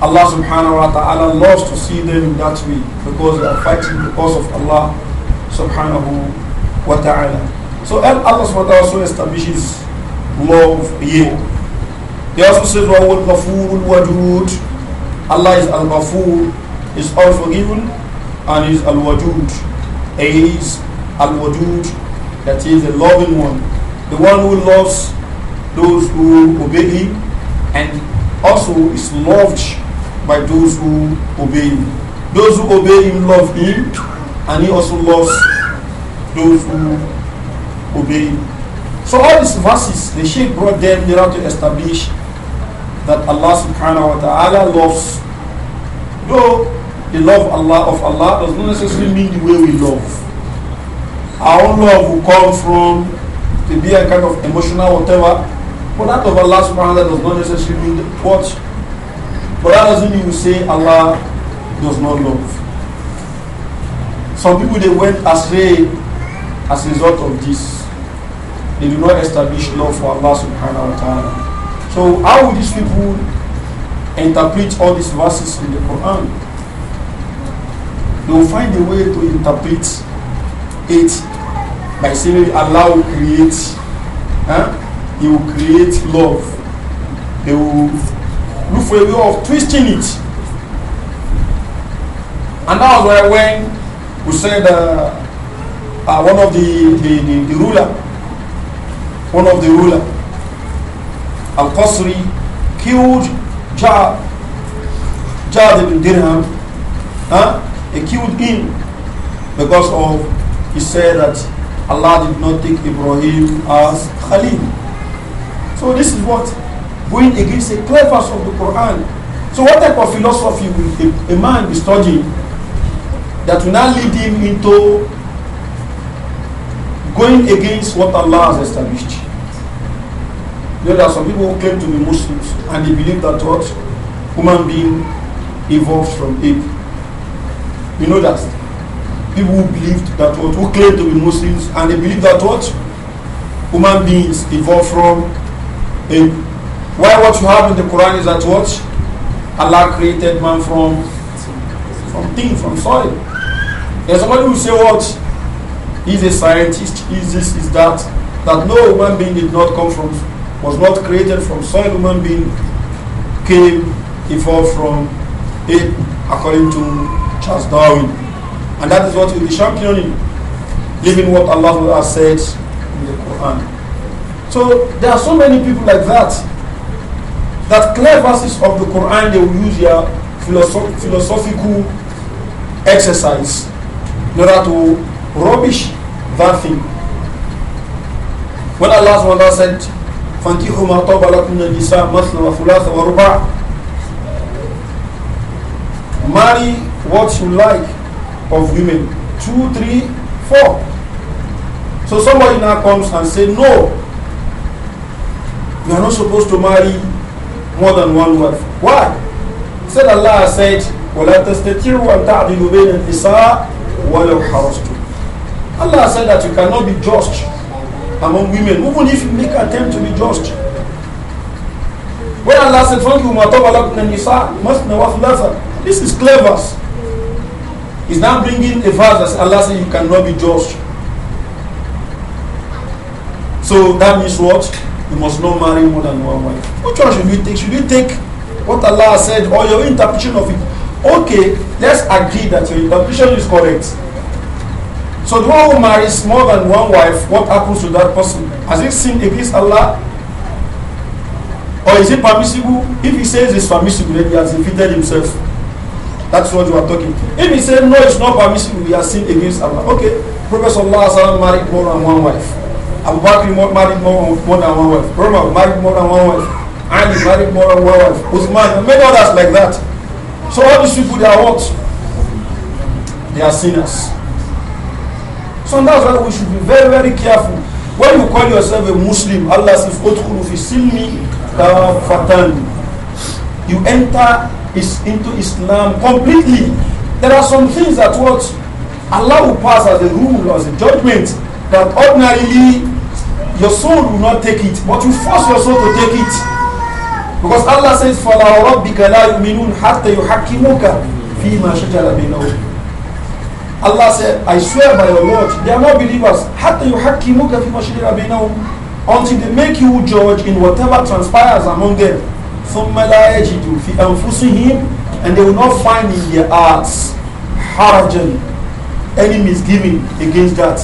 Allah subhanahu wa ta'ala loves to see them in that way because they are fighting because of Allah subhanahu wa ta'ala. So Allah subhanahu wa ta'ala also establishes love here. He also says, wa well, Allah is al-ghafur, is all forgiven and is al-wadud. He is al-wadud, that he is a loving one, the one who loves those who obey him, and also is loved by those who obey him. Those who obey him love him, and he also loves those who obey him. So all these verses, the Sheikh brought them in order to establish that Allah subhanahu wa ta'ala loves. Though the love Allah of Allah does not necessarily mean the way we love. Our love will come from to be a kind of emotional whatever. But that of Allah subhanahu does not necessarily mean what? But that doesn't mean you say Allah does not love. Some people they went astray as a result of this. They do not establish love for Allah subhanahu wa ta'ala. So how would these people interpret all these verses in the Quran? They will find a way to interpret it by saying Allah will create, huh? He will create love. They will look for a way of twisting it. And that was where when we said uh, uh, one of the, the, the, the ruler, one of the ruler, Al-Qasri, killed Jah Jah ibn Dirham. Huh? He killed him because of he said that Allah did not take Ibrahim as Khalil. So this is what going against the cleverness of the Quran. So what type of philosophy will a, a man be studying that will now lead him into going against what Allah has established? You know, there are some people who claim to be Muslims and they believe that what human being evolved from ape. You know that people who believed that what who claimed to be Muslims and they believe that what human beings evolved from a why what you have in the Quran is that what Allah created man from from thing, from soil. There's somebody who say what he's a scientist, is this, is that. That no human being did not come from was not created from soil, human being came evolved from it according to Charles Darwin. And that is what will be championing, living what Allah has said in the Quran. So there are so many people like that. That clear verses of the Quran they will use their philosoph philosophical exercise in order to rubbish that thing. When Allah SWT said, فَانْكِحُوا مَا طَوْبَ لَكُمْ النِّسَاء مَثْلَ وَثُلَاثَ Marry what you like of women. Two, three, four. So somebody now comes and say, no, you are not supposed to marry more than one wife. Why? Said Allah said, وَلَا تَسْتَتِرُوا أَنْ تَعْدِلُوا بَيْنَ Allah said that you cannot be just among women, even if you make attempt to be just. When Allah said, فَانْكِهُ you must لَكُمْ what مَثْنَ وَثْلَاثَ This is clever. He's now bringing a verse that Allah said you cannot be judged. So that means what? You must not marry more than one wife. Which one should you take? Should you take what Allah said or your interpretation of it? Okay, let's agree that your interpretation is correct. So the one who marries more than one wife, what happens to that person? Has he sinned against Allah? Or is it permissible? If he says it's permissible, then he has defeated himself. That's what you are talking. If he said, no, it's not permissible, we are sin against Allah. Okay, Prophet Sallallahu married more than one wife. Abu Bakr married more, more than one wife. Umar married more than one wife. Ali married more than one wife. Uthman, many others like that. So all these people, they are what? They are sinners. So that's why we should be very, very careful. When you call yourself a Muslim, Allah says, "Utkhulu fi silmi kafatan." You enter is into Islam completely. There are some things that what Allah will pass as a rule, as a judgment, that ordinarily your soul will not take it, but you force your soul to take it. Because Allah says, فَلَا رَبِّكَ لَا يُؤْمِنُونَ حَتَّى يُحَكِّمُوكَ فِي مَا شَجَرَ بَيْنَهُمْ Allah said, I swear by your Lord, they are not believers. حَتَّى يُحَكِّمُوكَ فِي مَا شَجَرَ بَيْنَهُمْ Until they make you judge in whatever transpires among them. ثم لا يجدوا في أنفسهم and they will not find in their hearts harajan any misgiving against that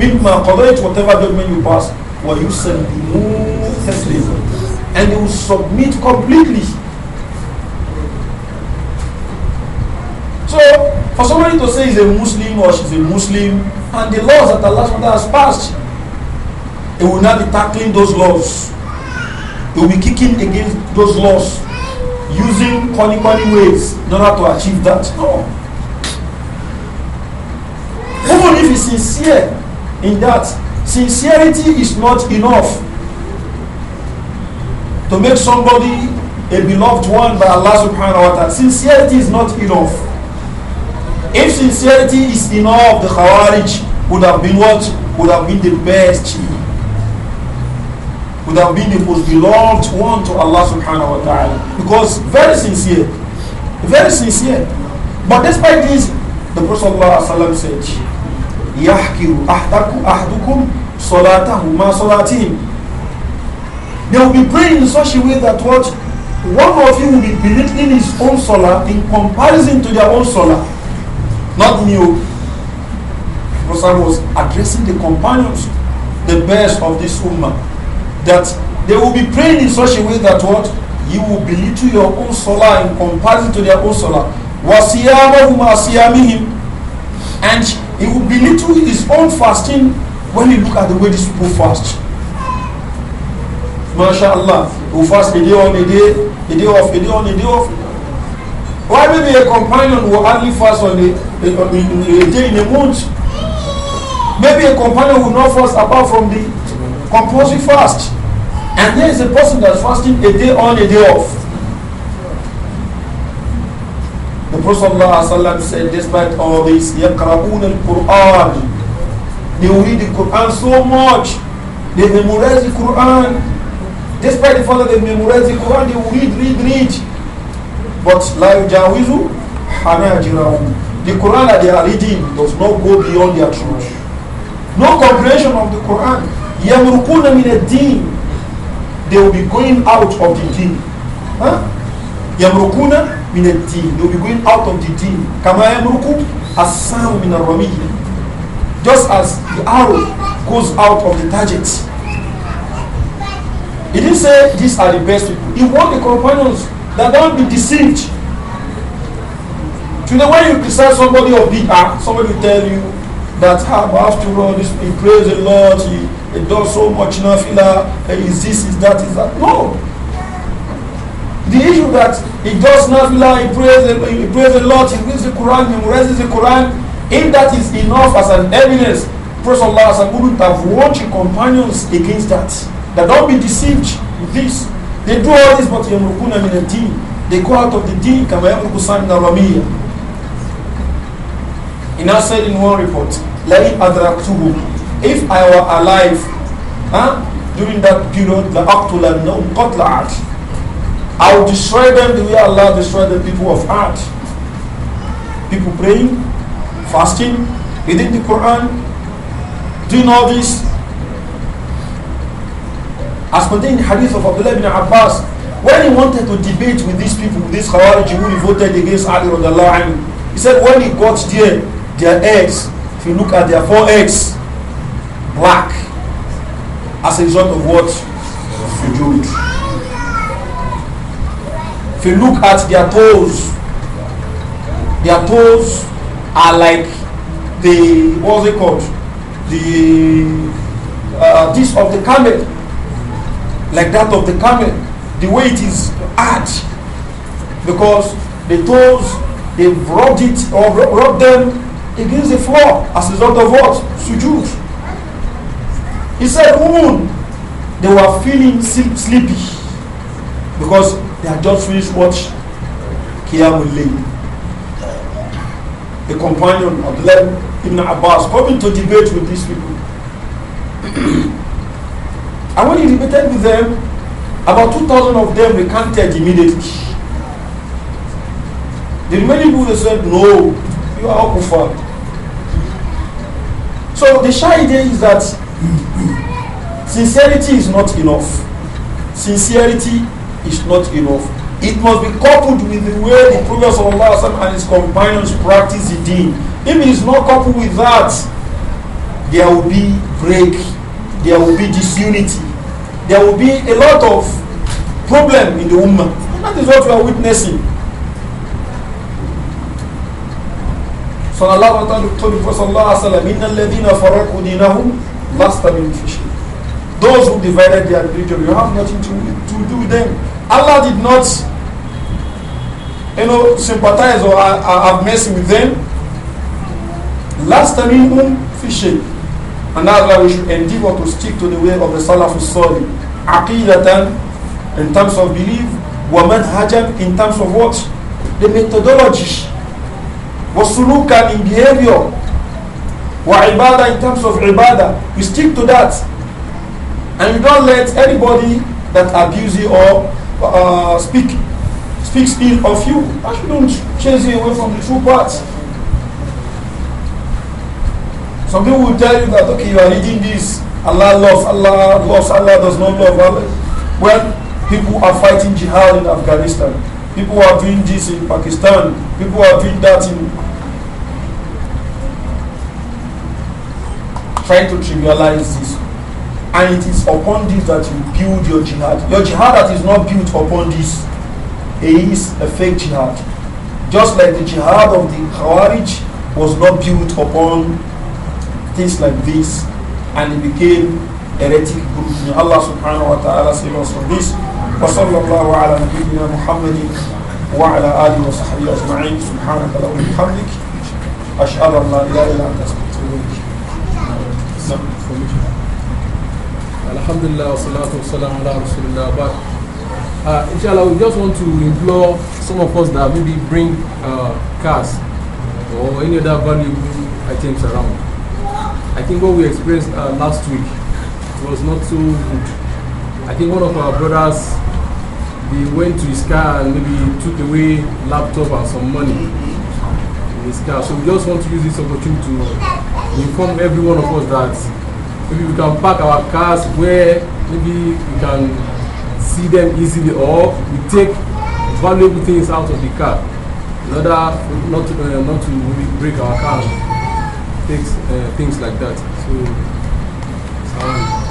مما قضيت whatever judgment you pass ويسلموا تسليما and they will submit completely so for somebody to say he's a Muslim or she's a Muslim and the laws that Allah has passed they will not be tackling those laws To will be kicking against those laws using funny, funny ways in order to achieve that. No. Even if he's sincere in that, sincerity is not enough to make somebody a beloved one by Allah subhanahu wa ta'ala. Sincerity is not enough. If sincerity is enough, the Khawarij would have been what? Would have been the best chief would have been the most beloved one to Allah subhanahu wa ta'ala. Because very sincere. Very sincere. But despite this, the Prophet ﷺ said, يَحْكِرُ أَحْدَكُمْ أَحْدُكُمْ صَلَاتَهُ مَا صَلَاتِهِمْ They will be praying in such a way that what one of you will be belittling his own salah in comparison to their own salah. Not new. Oh. Prophet was addressing the companions, the best of this ummah that they will be praying in such a way that what you will belittle your own salah in comparison to their own salah. وَصِيَامَهُمَا صِيَامِهِمْ And he will belittle his own fasting when you look at the way these people fast. MashaAllah, who fast a day on a day, a day off, a day on, a day off. Why maybe a companion will only fast on a, a, a, a day in a month? Maybe a companion will not fast apart from the Composing fast. And there is a person that's fasting a day on, a day off. The Prophet ﷺ said, despite all this, يَقْرَؤُونَ الْقُرْآنِ They read the Quran so much. They memorize the Quran. Despite the fact that they memorize the Quran, they read, read, read. But like يُجَاوِزُ حَنَاجِرَهُمْ The Quran that they are reading does not go beyond their truth. No comprehension of the Quran. Yamrukuna min ad They will be going out of the deen. Huh? Yamrukuna min ad They will be going out of the deen. Kama yamruku as min Just as the arrow goes out of the target. He didn't say these are the best people. He warned the companions that don't be deceived. the when you criticize somebody of big somebody will tell you that ah, after all, this, he the Lord. he, he does so much You know, he eh, is this, is that, is that. No. The issue that he does not nafila, he prays, eh, he prays a lot, he reads the Quran, he memorizes the Quran. If that is enough as an evidence, praise Allah wouldn't have warned your companions against that. That don't be deceived with this. They do all this, but yamrukuna min al-deen. They go out of the deen, kama yamruku the naramiya. He now said in one report, لَإِنْ أَدْرَكْتُهُمْ if I were alive huh, during that period, the Aqtula no Qatla I would destroy them the way Allah destroyed the people of Ad. People praying, fasting, reading the Quran, doing all this. As contained in hadith of Abdullah ibn Abbas, when he wanted to debate with these people, with these Khawarij who voted against Ali radiallahu anhu, he said when he got there, their eggs. if you look at their four eggs. black as a result of what? you Sujood. If you look at their toes, their toes are like the, what's it called? The, uh, this of the camel. Like that of the camel. The way it is hard. Because the toes, they rubbed it or rubbed them against the floor as a result of what? Sujood. He said, Women, they were feeling sleepy because they had just finished what? Qiyamul Layl. the companion of Abdullah Ibn Abbas coming to debate with these people. and when he debated with them, about 2,000 of them recanted immediately. The remaining people said, No, you are Akufar. So the shy idea is that Sincerity is not enough. Sincerity is not enough. It must be coupled with the way the Prophet and his companions practice the deen. If it is not coupled with that, there will be break, there will be disunity, there will be a lot of problem in the ummah. That is what we are witnessing. So Allah told the Prophet, إِنَّ الَّذِينَ فَرَقُوا دِينَهُمْ لَسْتَ مِنْ فِي those who divided their religion, you have nothing to, to do with them. Allah did not, you know, sympathize or uh, uh, have mercy with them. Last time in um, fishing. And that's why we should endeavor to stick to the way of the Salafus Salih. Aqidatan, in terms of belief, woman hajam, in terms of what? The methodology. Wasulukan in behavior. Wa ibadah in terms of ibadah. We stick to that. And you don't let anybody that abuse you or uh, speak speaks ill of you. Actually, shouldn't chase you away from the true path. Some people will tell you that okay, you are reading this. Allah loves, Allah loves, Allah does not love Allah. Well, people are fighting jihad in Afghanistan. People are doing this in Pakistan. People are doing that in trying to trivialize this and it is upon this that you build your jihad. Your jihad that is not built upon this is a fake jihad. Just like the jihad of the Khawarij was not built upon things like this and it became heretic group. May Allah subhanahu wa ta'ala save us from this. وصلى الله على نبينا محمد وعلى آله وصحبه أجمعين سبحانك اللهم وبحمدك أشهد أن لا إله إلا أنت أستغفرك Alhamdulillah, salatu wasalam, ala But uh, inshallah, we just want to implore some of us that maybe bring uh, cars or any other valuable items around. I think what we experienced uh, last week was not so good. I think one of our brothers, he went to his car and maybe took away laptop and some money in his car. So we just want to use this opportunity to inform every one of us that maybe we can park our cars where maybe we can see them easily or we take valuable things out of the car in order not to, uh, not to maybe break our car things, uh, things like that. So, um,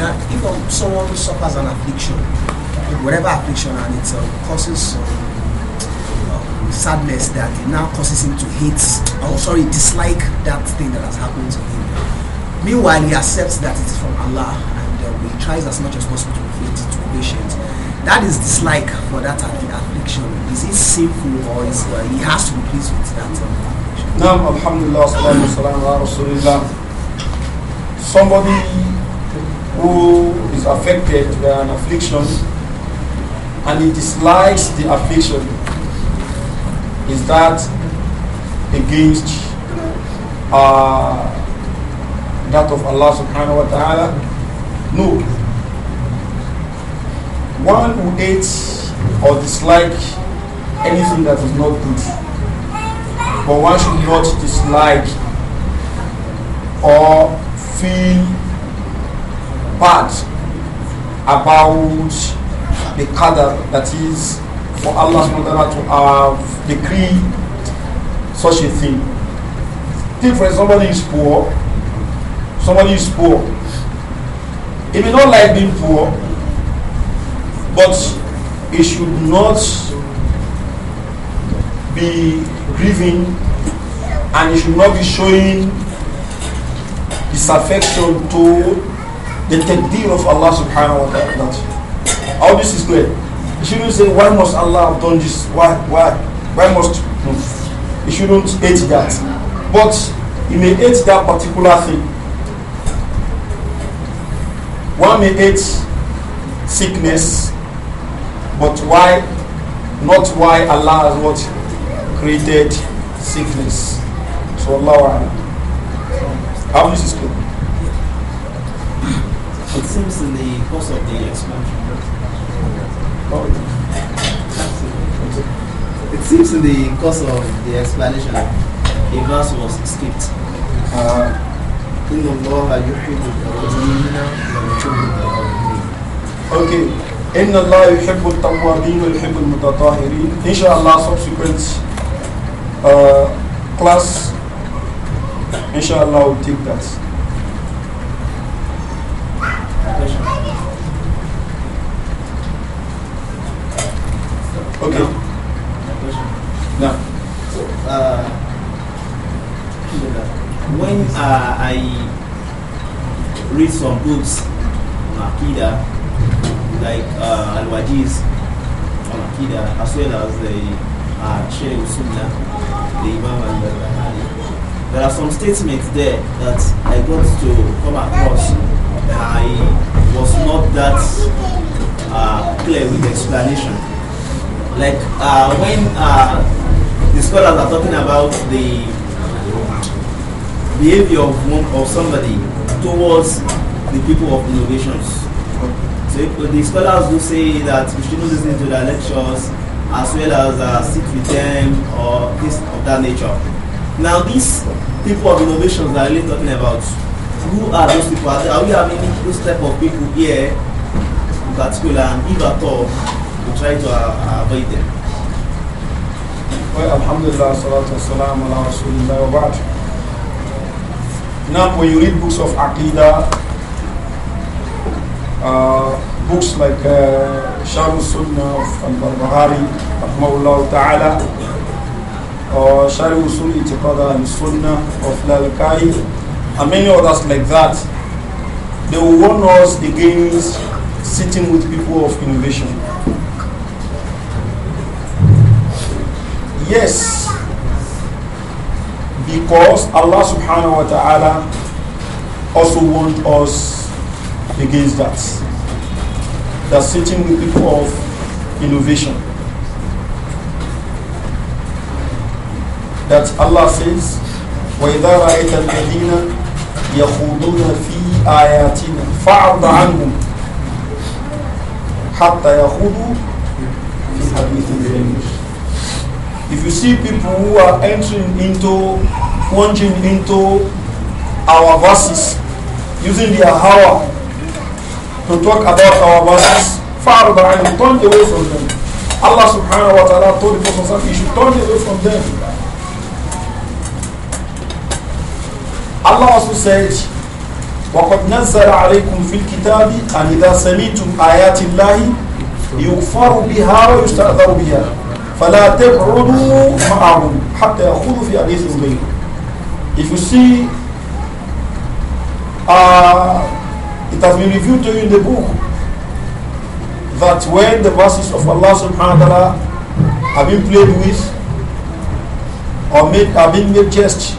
now, if um, someone suffers an affliction, whatever affliction, and it uh, causes um, um, sadness that it now causes him to hate, oh sorry, dislike that thing that has happened to him, Meanwhile, he accepts that it's from Allah and uh, he tries as much as possible to be to patient. That is dislike for that affliction. Is it sinful or is uh, he has to be pleased with that uh, affliction? Now, Alhamdulillah, salam, salam, Somebody who is affected by an affliction and he dislikes the affliction, is that against uh, that of Allah subhanahu wa ta'ala? No. One who hates or dislikes anything that is not good, but one should not dislike or feel bad about the qadr that is for Allah subhanahu wa ta'ala to have decreed such a thing. Think for example, somebody is poor somebody is poor. He may not like being poor, but he should not be grieving and he should not be showing disaffection to the taqdeer of Allah subhanahu wa ta'ala. All this is good. He shouldn't say, why must Allah have done this? Why? Why? Why must... He shouldn't hate that. But he may hate that particular thing. One may hate sickness, but why? Not why Allah has what created sickness. So Allah. How is this good? It seems in the course of the explanation. Oh. It seems in the course of the explanation, a verse was skipped. Uh, إن الله يحب التوابين ويحب أوكي إن الله يحب التوابين ويحب المتطهرين إن شاء الله subsequent uh, class إن شاء الله we'll take that read some books on Akida, like uh, Al Wajiz on Akida, as well as the uh, Sunnah, the Imam Al Bahari. There are some statements there that I got to come across. I was not that uh, clear with the explanation. Like uh, when uh, the scholars are talking about the behavior of, one, of somebody towards the people of innovations. So the scholars do say that we should listen to their lectures as well as uh, sit with them or things of that nature. Now these people of innovations that I'm really talking about, who are those people? Are we having this type of people here in particular and if at all, we try to uh, avoid them? Well, alhamdulillah, salatu wassalam ala rasulillah wa now, when you read books of Aqidah, uh, books like uh, Sunnah of Al-Barbahari, Rahmahullah Ta'ala, or Sharh Usul Itiqada and Sunnah of Lalkai, and many others like that, they will warn us against sitting with people of innovation. Yes, because Allah subhanahu wa ta'ala also warned us against that. That sitting with people of innovation. That Allah says, وَإِذَا رَأَيْتَ الَّذِينَ يَخُوضُونَ فِي آيَاتِنَا فَأَعْضَ عَنْهُمْ حَتَّى يَخُوضُوا فِي حَدِيثٍ If you see people who are entering into plunging into our verses, using their hour to talk about our verses. Far behind, turn away from them. Allah subhanahu wa ta'ala told the Prophet, you should turn away from them. Allah also said, وقد نزل عليكم في الكتاب أن إذا سمعتم آيات الله يكفر بها ويستأذر بها فلا تقعدوا معهم حتى يأخذوا في حديث غيره If you see, uh, it has been revealed to you in the book that when the verses of Allah subhanahu wa ta'ala have been played with or made, have been made jest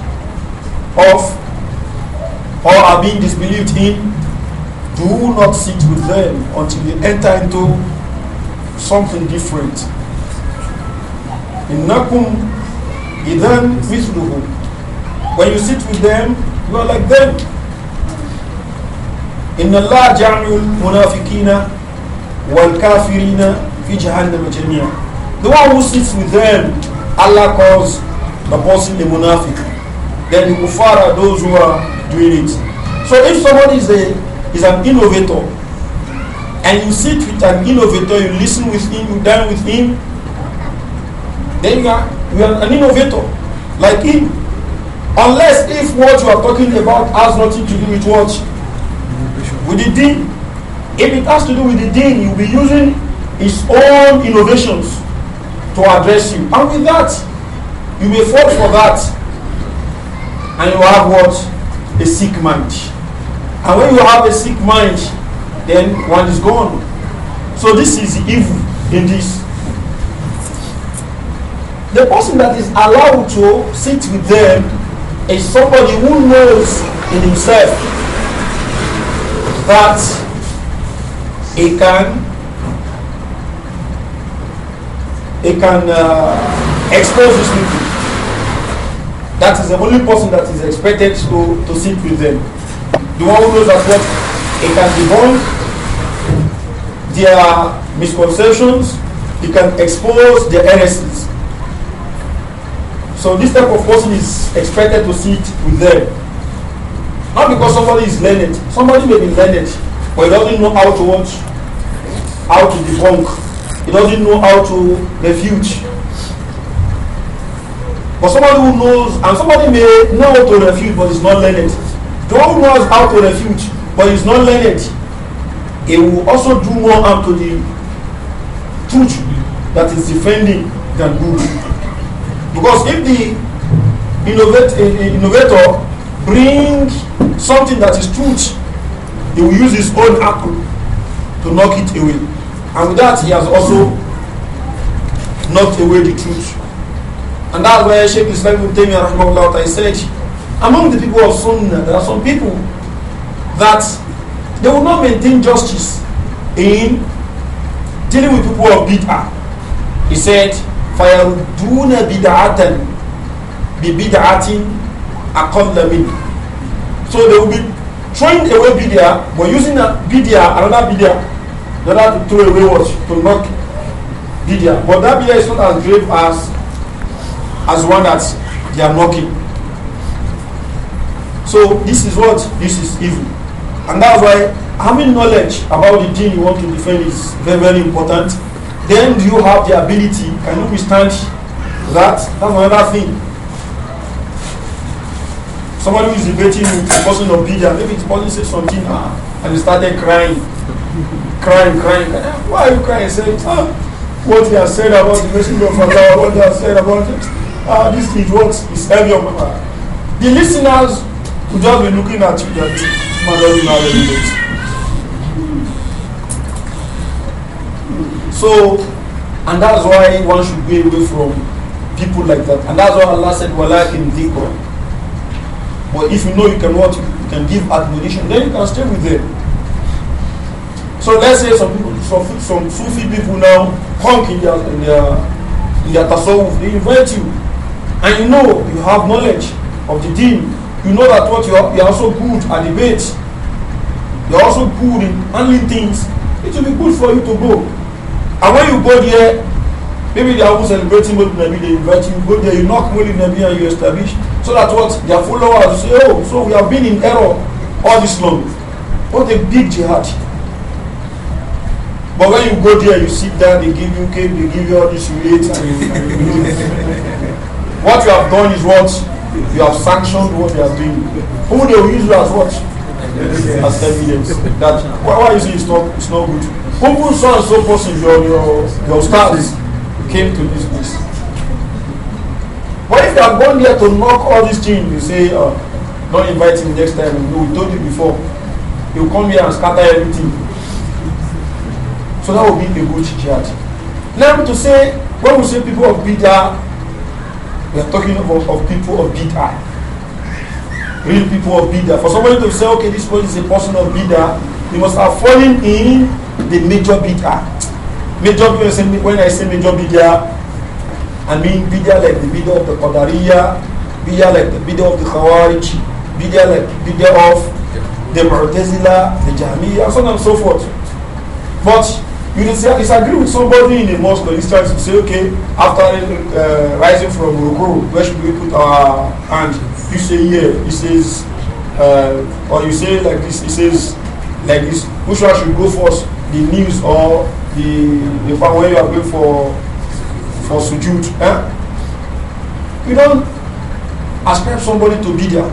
of or are being disbelieved in, do not sit with them until they enter into something different. إنكم إذا مثلهم when you sit with them, you are like them. إن الله جعل المنافقين والكافرين في جهنم جميعا. The one who sits with them, Allah calls the person the munafiq. Then the kuffar are those who are doing it. So if somebody is a is an innovator, and you sit with an innovator, you listen with him, you dine with him, then you are, you are an innovator like him. Unless if what you are talking about has nothing to do with what? With the dean, If it has to do with the dean, you'll be using his own innovations to address you. And with that, you may fall for that. And you have what? A sick mind. And when you have a sick mind, then one is gone. So this is evil in this. The person that is allowed to sit with them is somebody who knows in himself that he can he can uh, expose his people. That is the only person that is expected to, to sit with them. The one who knows that what he can debunk their misconceptions, he can expose their heresies. So this type of person is expected to sit with them. Not because somebody is learned. Somebody may be learned, but he doesn't know how to watch, how to debunk. He doesn't know how to refute. But somebody who knows, and somebody may know how to refute, but is not learned. The one who knows how to refute, but is not learned, he will also do more harm to the truth that is defending than good. Because if the innovate, eh, eh, innovator brings something that is truth, he will use his own apple to knock it away. And with that, he has also knocked away the truth. And that's why Sheikh Islam Ibn I said, among the people of Sunnah, there are some people that they will not maintain justice in dealing with people of bid'ah. He said, fayaruduna bid'atan bi bid'atin aqalla min so they will be throwing away bid'ah but using a bid'ah another bid'ah in to throw away what to knock bid'ah but that bid'ah is not as grave as as one that they are knocking so this is what this is evil and that's why having knowledge about the thing you want to defend is very very important then do you have the ability? Can you withstand that? That's another thing. Somebody who is debating with the person of Bidia, maybe the person said something ah, and he started crying. crying, crying. Eh, why are you crying? Saying, ah, what he has said about the message of Allah, what he has said about it, ah, this is what is heavy on my The listeners will just be looking at you that, you doesn't know So, and that's why one should be away from people like that. And that's why Allah said, Walakin dhikr. But if you know you can what you can give admonition, then you can stay with them. So let's say some people, some, some Sufi people now honk in their in their in their tasawwuf, they invite you. And you know you have knowledge of the deen. You know that what you are you are also good at debate. You're also good in handling things. It will be good for you to go. And when you go there, maybe they are celebrating but Nabi, they invite you, go there, you knock the Nabi and you establish. So that what their followers say, oh, so we have been in error all this long. What a big jihad. But when you go there, you sit down, they give you cake, they give you all this you eat. what you have done is what? You have sanctioned what they are doing. Who they will use you as what? As evidence. That, why, why is it it's not, it's not good? Google so and so person, your, your, your stars came to this place. But if they have gone there to knock all these things, you say, uh, don't invite him next time. We told you before. He'll come here and scatter everything. So that will be a good jihad. Now to say, when we say people of Bida, we are talking of, of people of Bida. Real people of Bida. For somebody to say, okay, this person is a person of Bida, You must have fallen in the major bid'ah. Major bid'ah, when I say major bid'ah, I mean bid'ah like the bid'ah of the Qadariya, bid'ah like the bid'ah of the Khawarij, bid'ah like bid'ah of the Mu'tazila, the Jahmiya, so on and so forth. But you disagree with somebody in a mosque, for instance, you say, okay, after uh, rising from Ruku, where should we put our hand? You say, yeah, he says, uh, or you say like this, he says, like this, which one should go first, the news or the the fact where you are going for for sujood? Eh? You don't ascribe somebody to be there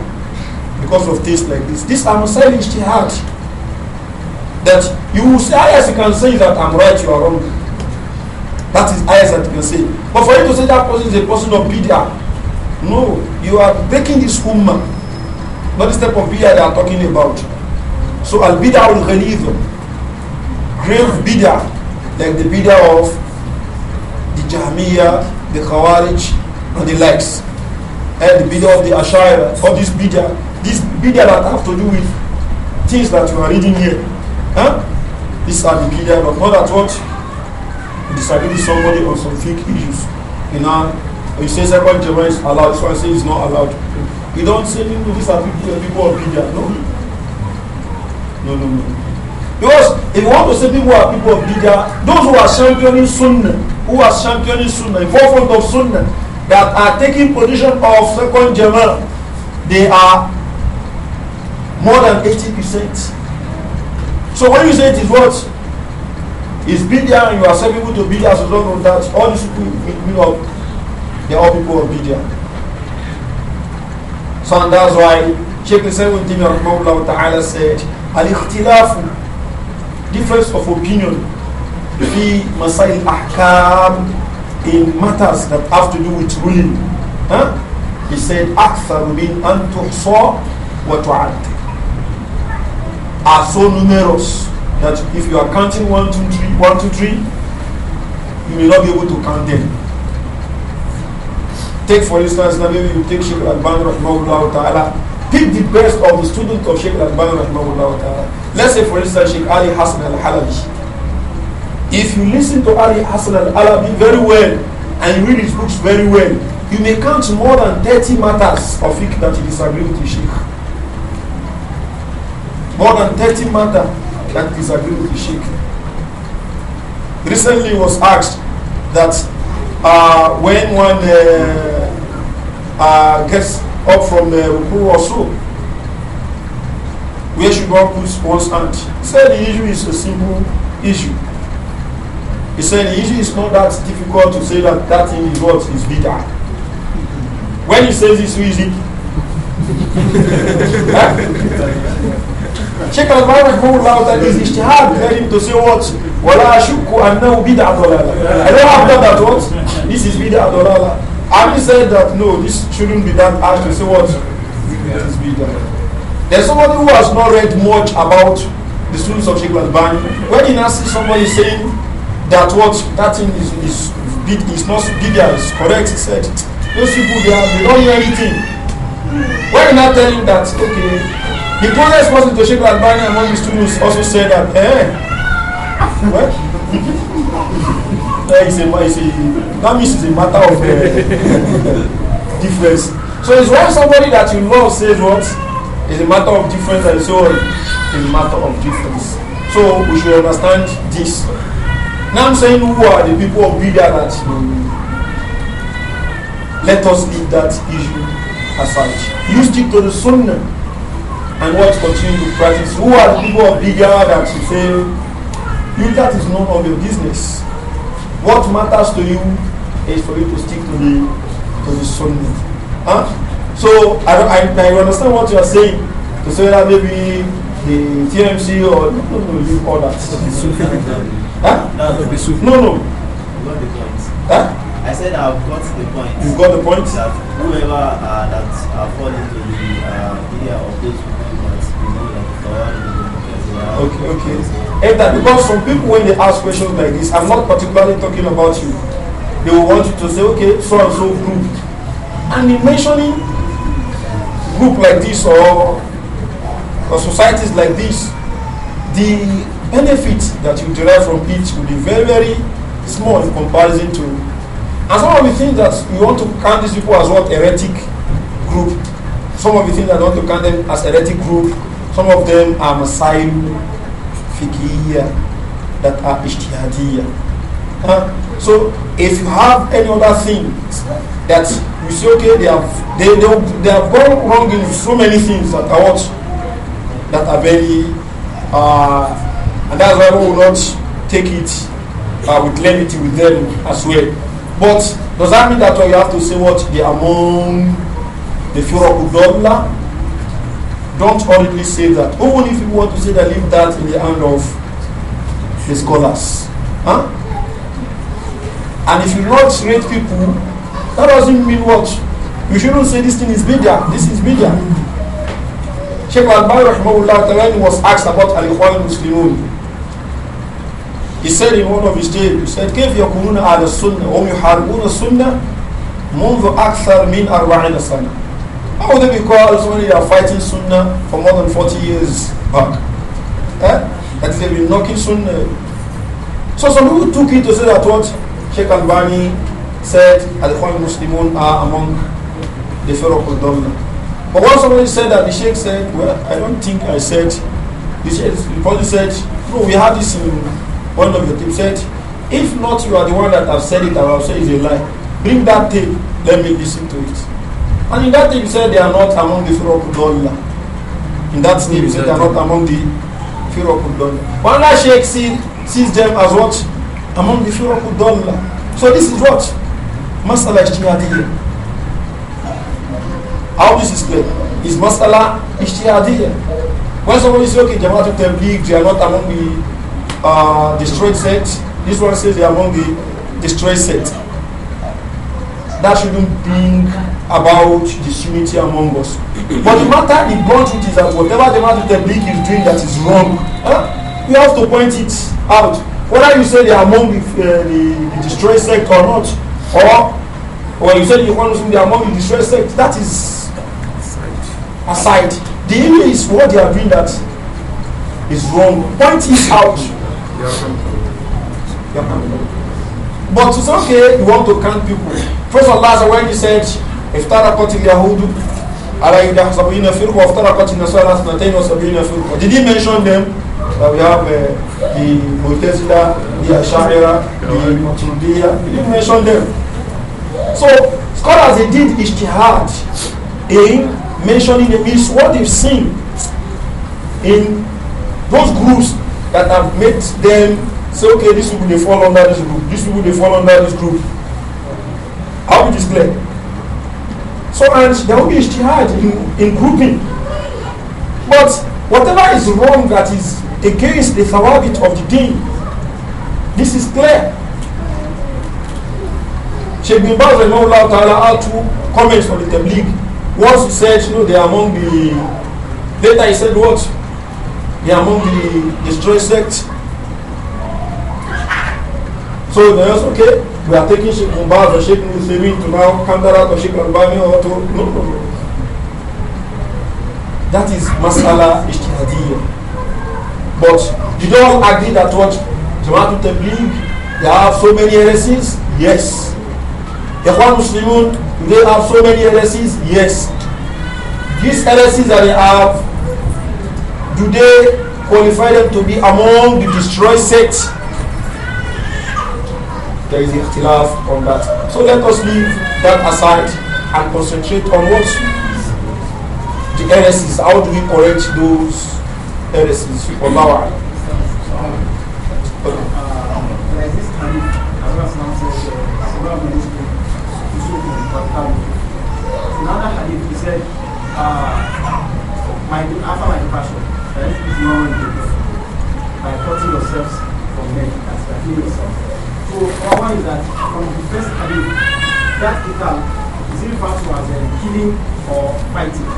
because of things like this. This I'm saying ijtihad. That you will say, as ah, you can say that I'm right, you are wrong. That is as that you can say. But for you to say that person is a person of bidya, no, you are breaking this woman. Not the step of bidya they are talking about. So al bid'ah al ghaliza, grave bid'ah, like the bid'ah of the Jahmiyyah, the Khawarij, and the likes. And the bid'ah of the Ashaira, all these bid'ah, these bid'ah that have to do with things that you are reading here. Huh? These are the bid'ah, but not at what disagree with somebody on some fake issues. You know, you say second generation allowed, so I say it's not allowed. You don't say people, these are people, people of bid'ah. No, no, no, no. Because if you want to say people are people of Bidah, those who are championing Sunnah, who are championing Sunnah, in forefront of Sunnah, that are taking position of second Jamal, they are more than 80%. So when you say it is what? It's Bidia and you are saying people to Bidya, so don't know that all these people you know, they are all people of Bidya. So and that's why Sheikh Hussein Ibn Taymiyyah said, الاختلاف difference of opinion في مسائل الأحكام in matters that have to do with ruling huh? he said أكثر من أن تحصى وتعد are so numerous that if you are counting one, two, three, one, two, three, you may not be able to count them. Take for instance, now maybe you take Sheikh Al-Ban Rahmahullah Ta'ala pick the best of the students of Sheikh Al-Albani rahimahullah ta'ala. Let's say for instance Sheikh Ali Hassan Al-Halabi. If you listen to Ali Hassan Al-Halabi very well and read his books very well, you may count more than 30 matters of fiqh that you disagree with the Sheikh. More than 30 matters that disagree with the Sheikh. Recently was asked that uh, when one uh, uh, gets up from uh, Ruku or so? Where should one put one's hand? He said the issue is a simple issue. He said the issue is not that difficult to say that that thing is what is bitter. When he says it's easy, out my Al-Bani Rahimahullah that is ijtihad led him to say what? I وَلَا and now بِدْعَ ضَلَالَ I don't have that. that what? This is bid'ah ضَلَالَ Having said that, no, this shouldn't be that hard to say what yeah. is bidah. There's somebody who has not read much about the students of Sheikh Al-Bani. When you now see somebody saying that what that thing is is bid is not bidah is correct, he said those people they, are, they don't hear anything. When you now tell him that okay, the closest person to Sheikh and one of the students also said that eh, What? there is a, it's a that means it's a matter of uh, difference. So it's when somebody that you love says what It's a matter of difference and so on it's a matter of difference. So we should understand this. Now I'm saying who are the people of Bida that let us leave that issue aside. You stick to the Sunnah and what continue to practice. Who are the people of Bida that you say you that is none of your business? What matters to you is for you to stick to the to the Sunnah. Huh? So I, I, I understand what you are saying to say that maybe the TMC or no no no you all that. huh? No no. Huh? I said I've got the point. You've got the point? That whoever uh, that uh, fall into the uh, area of those people that believe the God Okay, okay. And that, because some people, when they ask questions like this, I'm not particularly talking about you. They will want you to say, okay, so and so group. And in mentioning group like this or, or societies like this, the benefit that you derive from it will be very, very small in comparison to. And some of the things that you want to count these people as what heretic group, some of the things that want to count them as heretic group, some of them are masail fiqhiyya that are ijtihadiyya. Huh? So if you have any other thing that you say, okay, they have they, they, they have gone wrong in so many things that are what that are very uh, and that's why we will not take it uh, with lenity with them as well. But does that mean that you have to say what they are among the Fura Udolla don't hurriedly say that. Even if you want to say that, leave that in the hand of the scholars. Huh? And if you not rate people, that doesn't mean what? You shouldn't say this thing is bidya, this is bidya. Sheikh Al-Bani Rahmahullah was asked about Al-Ikhwan Muslimun. He said in one of his tapes, he said, كيف يكونون على السنة هم يحاربون السنة منذ أكثر من أربعين سنة how would it be called when you are fighting Sunnah for more than 40 years back? Eh? That they've been knocking Sunnah. So some people took it to say that what Sheikh Albani said, the khwan Muslims are among the of al But once somebody said that, the Sheikh said, well, I don't think I said, the Sheikh the said, no, we have this in one of your tapes, said, if not you are the one that have said it, I will say it's a lie. Bring that tape, let me listen to it. And in that thing, you said they are not among the Firokudullah. In that name, you said they are not among the Firokudullah. But Allah Sheikh see, sees them as what? Among the Firokudullah. So this is what? Masala Ishtiyadiyya. How this is clear? Is Masala Ishtiyadiyya. When somebody says, okay, Jamaat of Tabligh, they are not among the uh, destroyed set, this one says they are among the destroyed set. That shouldn't bring about the unity among us. but the matter the blunt truth is that whatever the matter the big is doing that is wrong, huh? you have to point it out. Whether you say they are among the, uh, the, the destroyed sect or not, or or you say the want to they among the destroyed sect, that is aside. The issue is what they are doing that is wrong. Point it out. But to say, okay, you want to count people. First of all, when you said, افترقت اليهود على إحدى سبعين فرقة وافترقت النصارى اثنتين وسبعين فرقة did he mention them that uh, we have uh, the Mu'tazila the Ash'ira the Maturidiyya he didn't mention them so scholars they did ijtihad in mentioning the means what they've seen in those groups that have made them say okay this people they fall under this group this people they fall under this group how would you explain So, and there will be ijtihad in, in grouping. But whatever is wrong that is against the thawabit of the deen, this is clear. Sheikh bin Baz Ta'ala had two comments on the Tabligh. Once he said, you know, they are among the. Later he said, what? They are among the destroyed sect. So that's okay we are taking Sheikh Mumbaz or Sheikh Nusaymin to now Kandarat or Sheikh Albani or to. No problem. That is Masala Ishtihadiyya. But you don't agree that what Jamaat Tabligh, they have so many heresies? Yes. Ikhwan Muslimun, they have so many heresies? Yes. These heresies that they have, do they qualify them to be among the destroyed sects? there is a ikhtilaf on that. So let us leave that aside and concentrate on what the heresies. How do we correct those heresies? Allah. Another hadith, he said, ah, my, after my departure, that is not by cutting yourselves from men, that's by killing yourself. So our one is that from the first hadith, that kitab is referred to as um, killing or fighting.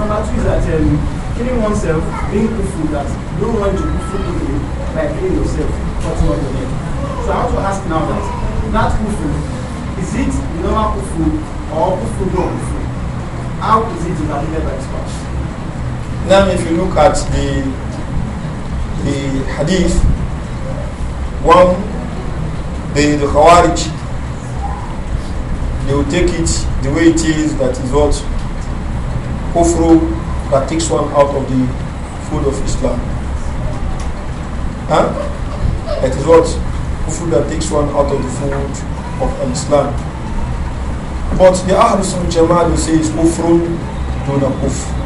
Number two is that um, killing oneself, being kufu, that no one should kufu quickly by killing yourself, cutting off your neck. So I want to ask now that, that kufu, is it the normal kufu or kufu no kufu? How is it interpreted by scholars? Now if you look at the the hadith, one the, the Khawarij, they will take it the way it is, that is what kufru that takes one out of the food of Islam. Huh? That is what kufru that takes one out of the food of Islam. But the Ahlul Sunnah Jama'at will say is kufrun duna kufr.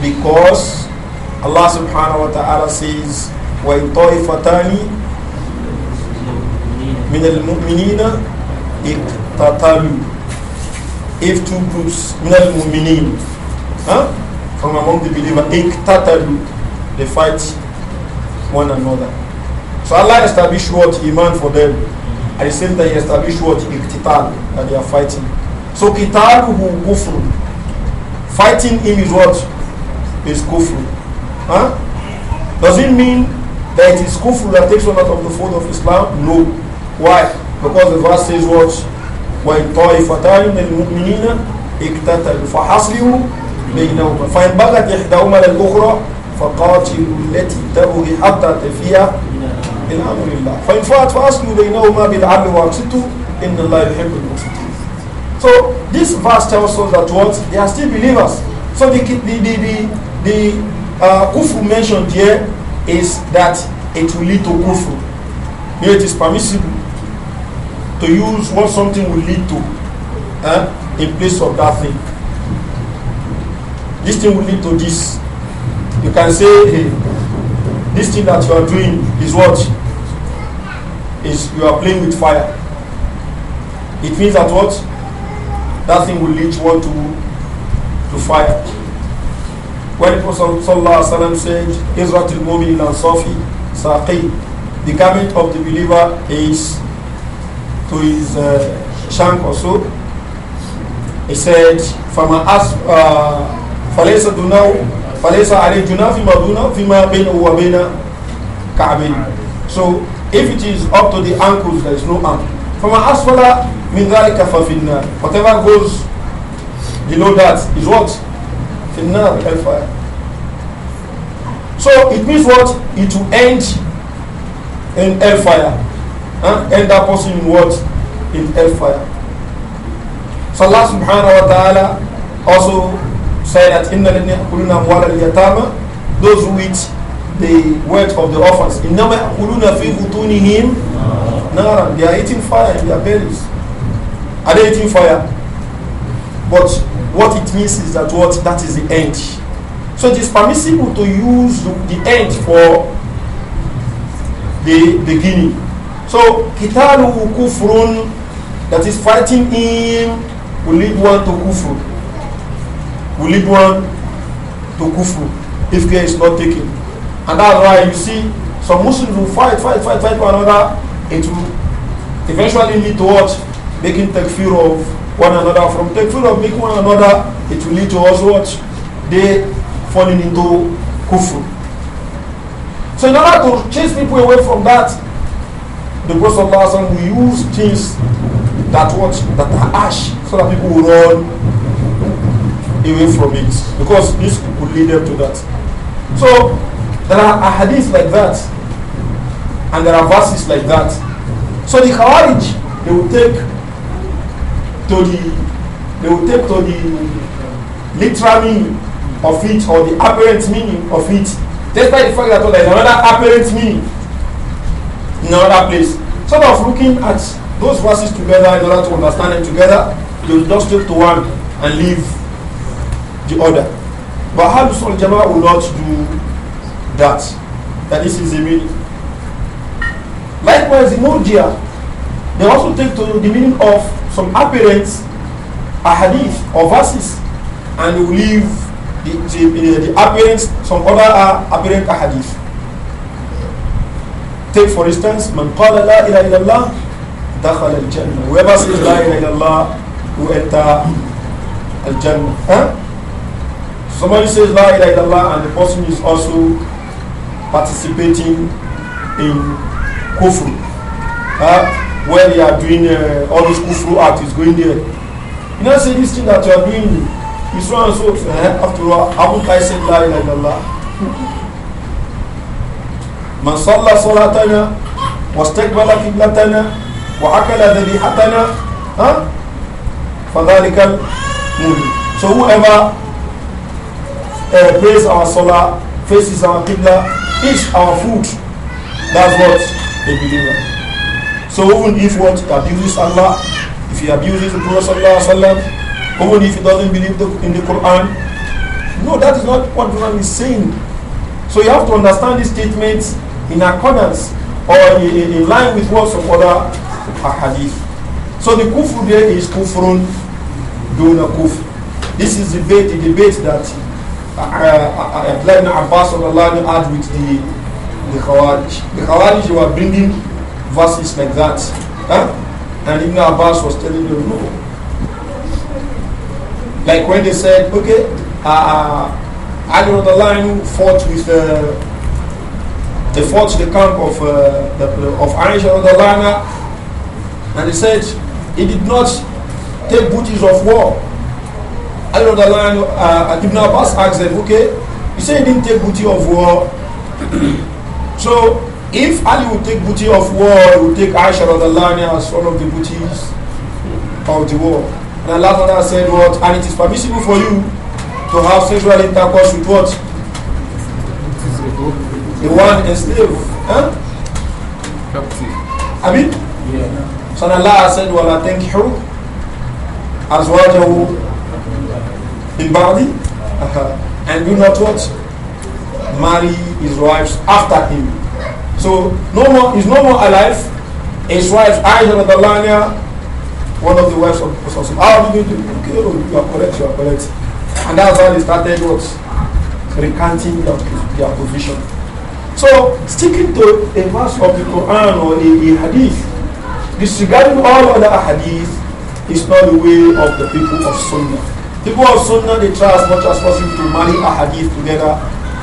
Because Allah subhanahu wa ta'ala says, وَإِن طَائِفَتَانِ من المؤمنين اقتتلوا if two groups من المؤمنين huh? from among the believers اقتتلوا they fight one another so Allah established what iman for them at the same time he established what iqtital that they are fighting so qitaluhu kufr fighting him is what is kufr huh? does it mean that it is kufr that takes one out of the fold of Islam no why? Because the verse says what? وَإِنْ مِنَ الْمُؤْمِنِينَ اِكْتَتَلُوا فَحَصْلِهُ بَيْنَهُمَا فَإِنْ بَغَتْ إِحْدَهُمَا لَلْأُخْرَى فَقَاتِلُوا الَّتِي تَبْغِي حَتَّى تَفِيَ إِلَى أَمْرِ اللَّهِ فَإِنْ فَاتْ فَأَصْلُوا بَيْنَهُمَا بِالْعَدْلِ وَأَقْسِطُوا إِنَّ اللَّهَ يُحِبُّ الْمُقْسِطِينَ So this verse tells us that what? They are still believers. So the, the, the, the, uh, kufr mentioned here is that it will lead to kufr. Here it is permissible to use what something will lead to eh, in place of that thing. This thing will lead to this. You can say, hey, this thing that you are doing is what? Is you are playing with fire. It means that what? That thing will lead what to, to fire. When the Prophet ﷺ said, Israel al-Mumin and Safi, Saqi, the garment of the believer is to his uh, shank or He said, "From an us, uh, falesa dunau, falesa ali dunau, fima dunau, fima bena uwa bena kabin." So, if it is up to the ankles, there is no arm. From an means that it is mingali kafafina. Whatever goes below that is what finna hellfire. So it means what? It will end in a fire." and end that person in what? In hellfire. So Allah subhanahu wa ta'ala also said that in the those who eat the wealth of the orphans, they are eating fire in their bellies. Are they eating fire? But what it means is that what that is the end. So it is permissible to use the end for the beginning. So, kitalu kufrun, that is fighting him, will lead one to kufru. Will lead one to kufru if care is not taken. And that's why you see some Muslims will fight, fight, fight, fight one another. It will eventually lead to what? Making takfir of one another. From takfir of making one another, it will lead to us what? They falling into kufru. So in order to chase people away from that, The Prophet ﷺ will use things that what that are ash so that people will run away from it because this could lead them to that. So there are ahadith like that and there are verses like that. So the Khawarij they will take to the they will take to the literal meaning of it or the apparent meaning of it despite the fact that there is another apparent meaning in another place sort of looking at those verses together in order to understand them together, they will just take to one and leave the other. But Ahlus al Jama'ah will not do that. That this is the meaning. Likewise, in Murjia, they also take to the meaning of some apparent hadith or verses and will leave the, the, the apparent, some other uh, apparent hadith. Take for instance, man qala la ilaha illallah, dakhal al jannah. Whoever says la ilaha illallah, who enter al jannah. Huh? Somebody says la ilaha and the person is also participating in kufr. Huh? Where they are doing uh, all the kufru act is going there. You know, say this thing that you are doing is so and so. After all, Abu not said la ilaha illallah? من صلى صلاتنا واستقبل قبلتنا وأكل ذبيحتنا ها فذلك المؤمن so whoever uh, prays our salah faces our qibla eats our food that's what a believer so even if what abuses Allah if he abuses the Prophet sallallahu alaihi wasallam even if he doesn't believe the, in the Quran no that is not what the Quran is saying so you have to understand these statements in accordance or in, in line with what some other hadith. So the kufr there is kufrun duna kufr. This is the debate, the debate that uh, uh, uh Ibn Abbas had with the, the Khawarij. The Khawarij were bringing verses like that. Huh? And Ibn Abbas was telling them no. Like when they said, okay, uh, uh Ali fought with uh, they fought the camp of, uh, the, of Aisha al the and he said he did not take booties of war. Ali of the uh, Ibn Abbas asked them, okay, he said he didn't take booty of war. so if Ali would take booty of war, he would take Aisha al the as one of the booties of the war. And Allah said what? And it is permissible for you to have sexual intercourse with what? the one enslaved. Huh? Captive. I mean? Yeah. So Allah said, Wala tankihu azwajahu in Bali. Uh-huh. And do not what? Marry his wives after him. So no more he's no more alive. His wife Aisha Radalania, one of the wives of the Prophet. How ah, did you do? Okay, you are correct, you are correct. And that's how they started what? Recanting their, their position. So sticking to a verse of the Quran or a, a hadith, disregarding all other hadith is not the way of the people of Sunnah. People of Sunnah, they try as much as possible to marry a hadith together,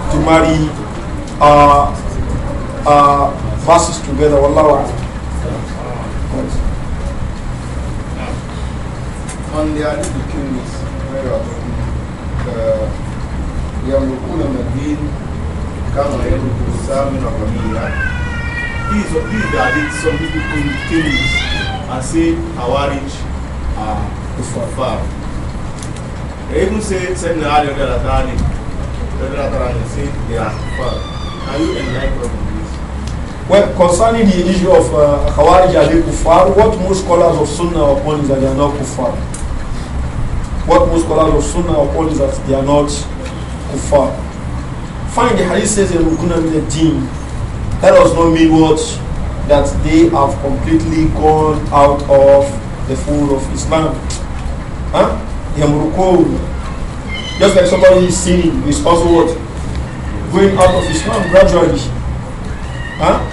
to marry uh, uh, verses together. Wallahu a'lam. On the hadith of Kings, where you are talking, uh, kama na familia hizo. Some people Ali you on this? Well, concerning the issue of uh, Khawarij kufar, what most scholars of Sunnah are upon is that they are not kufar. What most scholars of Sunnah are upon is that they are not kufar. Find the hadith says Rukuna min al-Din. That does not mean what? That they have completely gone out of the fold of Islam. Huh? Just like somebody is sinning, is also what? Going out of Islam gradually. Huh?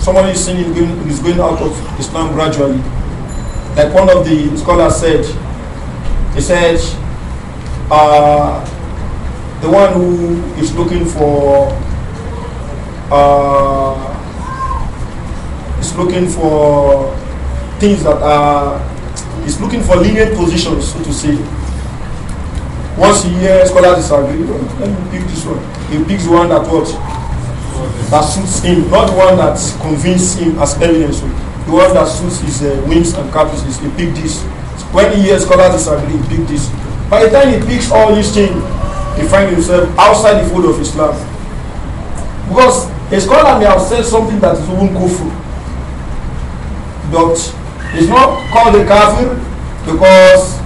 somebody is sinning is going out of Islam gradually. Like one of the scholars said, he said, uh, the one who is looking for uh, is looking for things that are is looking for lenient positions, so to say. Once he hears scholars disagree, let me pick this one. He picks one that what that suits him, not one that convinces him as evidence. The one that suits his uh, whims and caprices, he picks this. When he hears scholars disagree, he picks this. By the time he picks all these things, he find himself outside the fold of Islam. Because a scholar may have said something that is even kufr. But he's not called a kafir because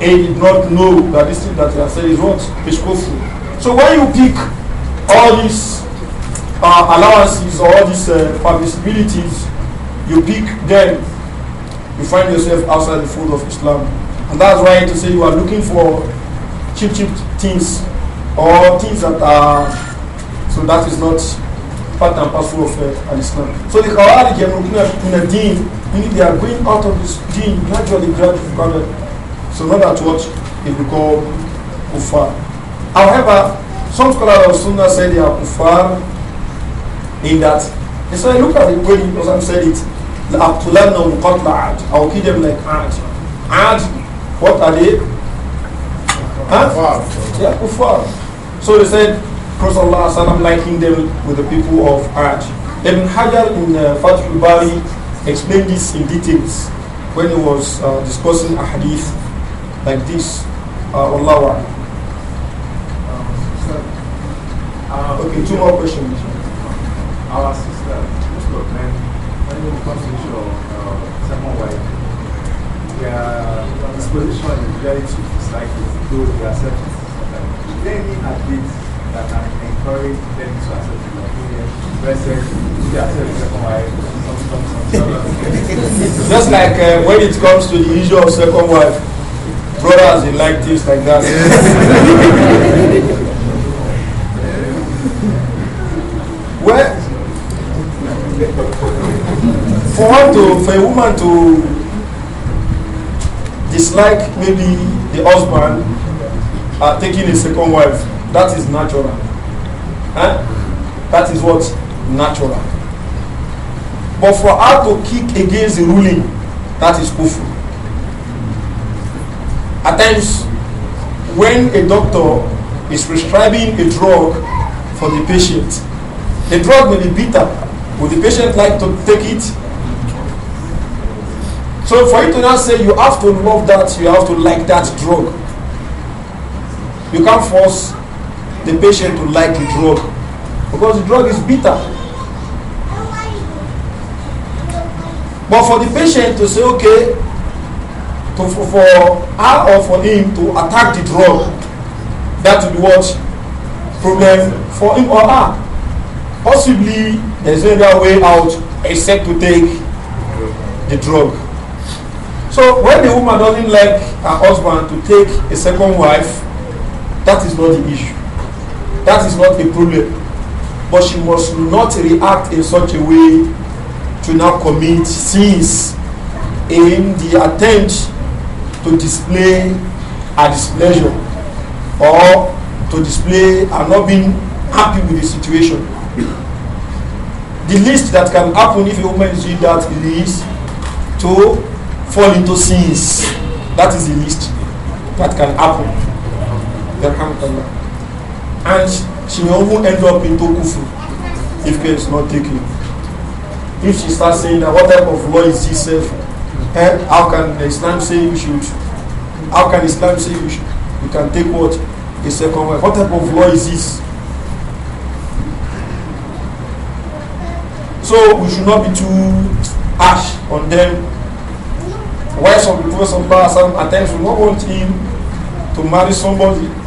he did not know that this thing that he has said is It's kufr. So when you pick all these uh, allowances or all these uh, permissibilities, you pick them, you find yourself outside the fold of Islam. And that's why to say you are looking for cheap, cheap things or things that are so that is not part and parcel of uh, Islam. So the Khawarij looking at in a deen, meaning they are going out of this deen gradually, gradually, gradually. So not that what it will go kufar. However, some scholars of Sunnah say they are kufar in that. So I look at the way Imam said it. لأقتلنهم I will أو them like عاد عاد what are they yeah, kuffar. So they said, Prophet Allah liking them with the people of Aj. Ibn Hajar in uh, Fatul Bari explained this in details when he was uh, discussing a hadith like this. Uh, Allah um, uh, Okay, two more questions. Our sister, most of men, when it comes to issue of uh, second their disposition is very slightly those who accept it. Is there any advice that can encourage them to accept it? Just like uh, when it comes to the issue of second wife, brothers, in like this like that. well, for one to, for a woman to dislike maybe the husband taking a second wife. That is natural. Eh? That is what? Natural. But for her to kick against the ruling, that is awful. At times, when a doctor is prescribing a drug for the patient, the drug may be bitter. Would the patient like to take it? So for you to now say you have to love that, you have to like that drug, You can't force the patient to like the drug because the drug is bitter. But for the patient to say, okay, to, for her or for him to attack the drug, that will be what? Problem for him or her. Possibly there's no other way out except to take the drug. So when the woman doesn't like her husband to take a second wife, That is not the issue. That is not a problem. But she must not react in such a way to now commit sins in the attempt to display her displeasure or to display her not being happy with the situation. The least that can happen if a woman is doing that is to fall into sins. That is the least that can happen yarhamukallah and she will even end up in kufur if care is not taken if she starts saying that what type of law is this self eh, how can islam say you should how can islam say you should you can take what a second wife what type of law is this so we should not be too harsh on them why some people some at times will not want him to marry somebody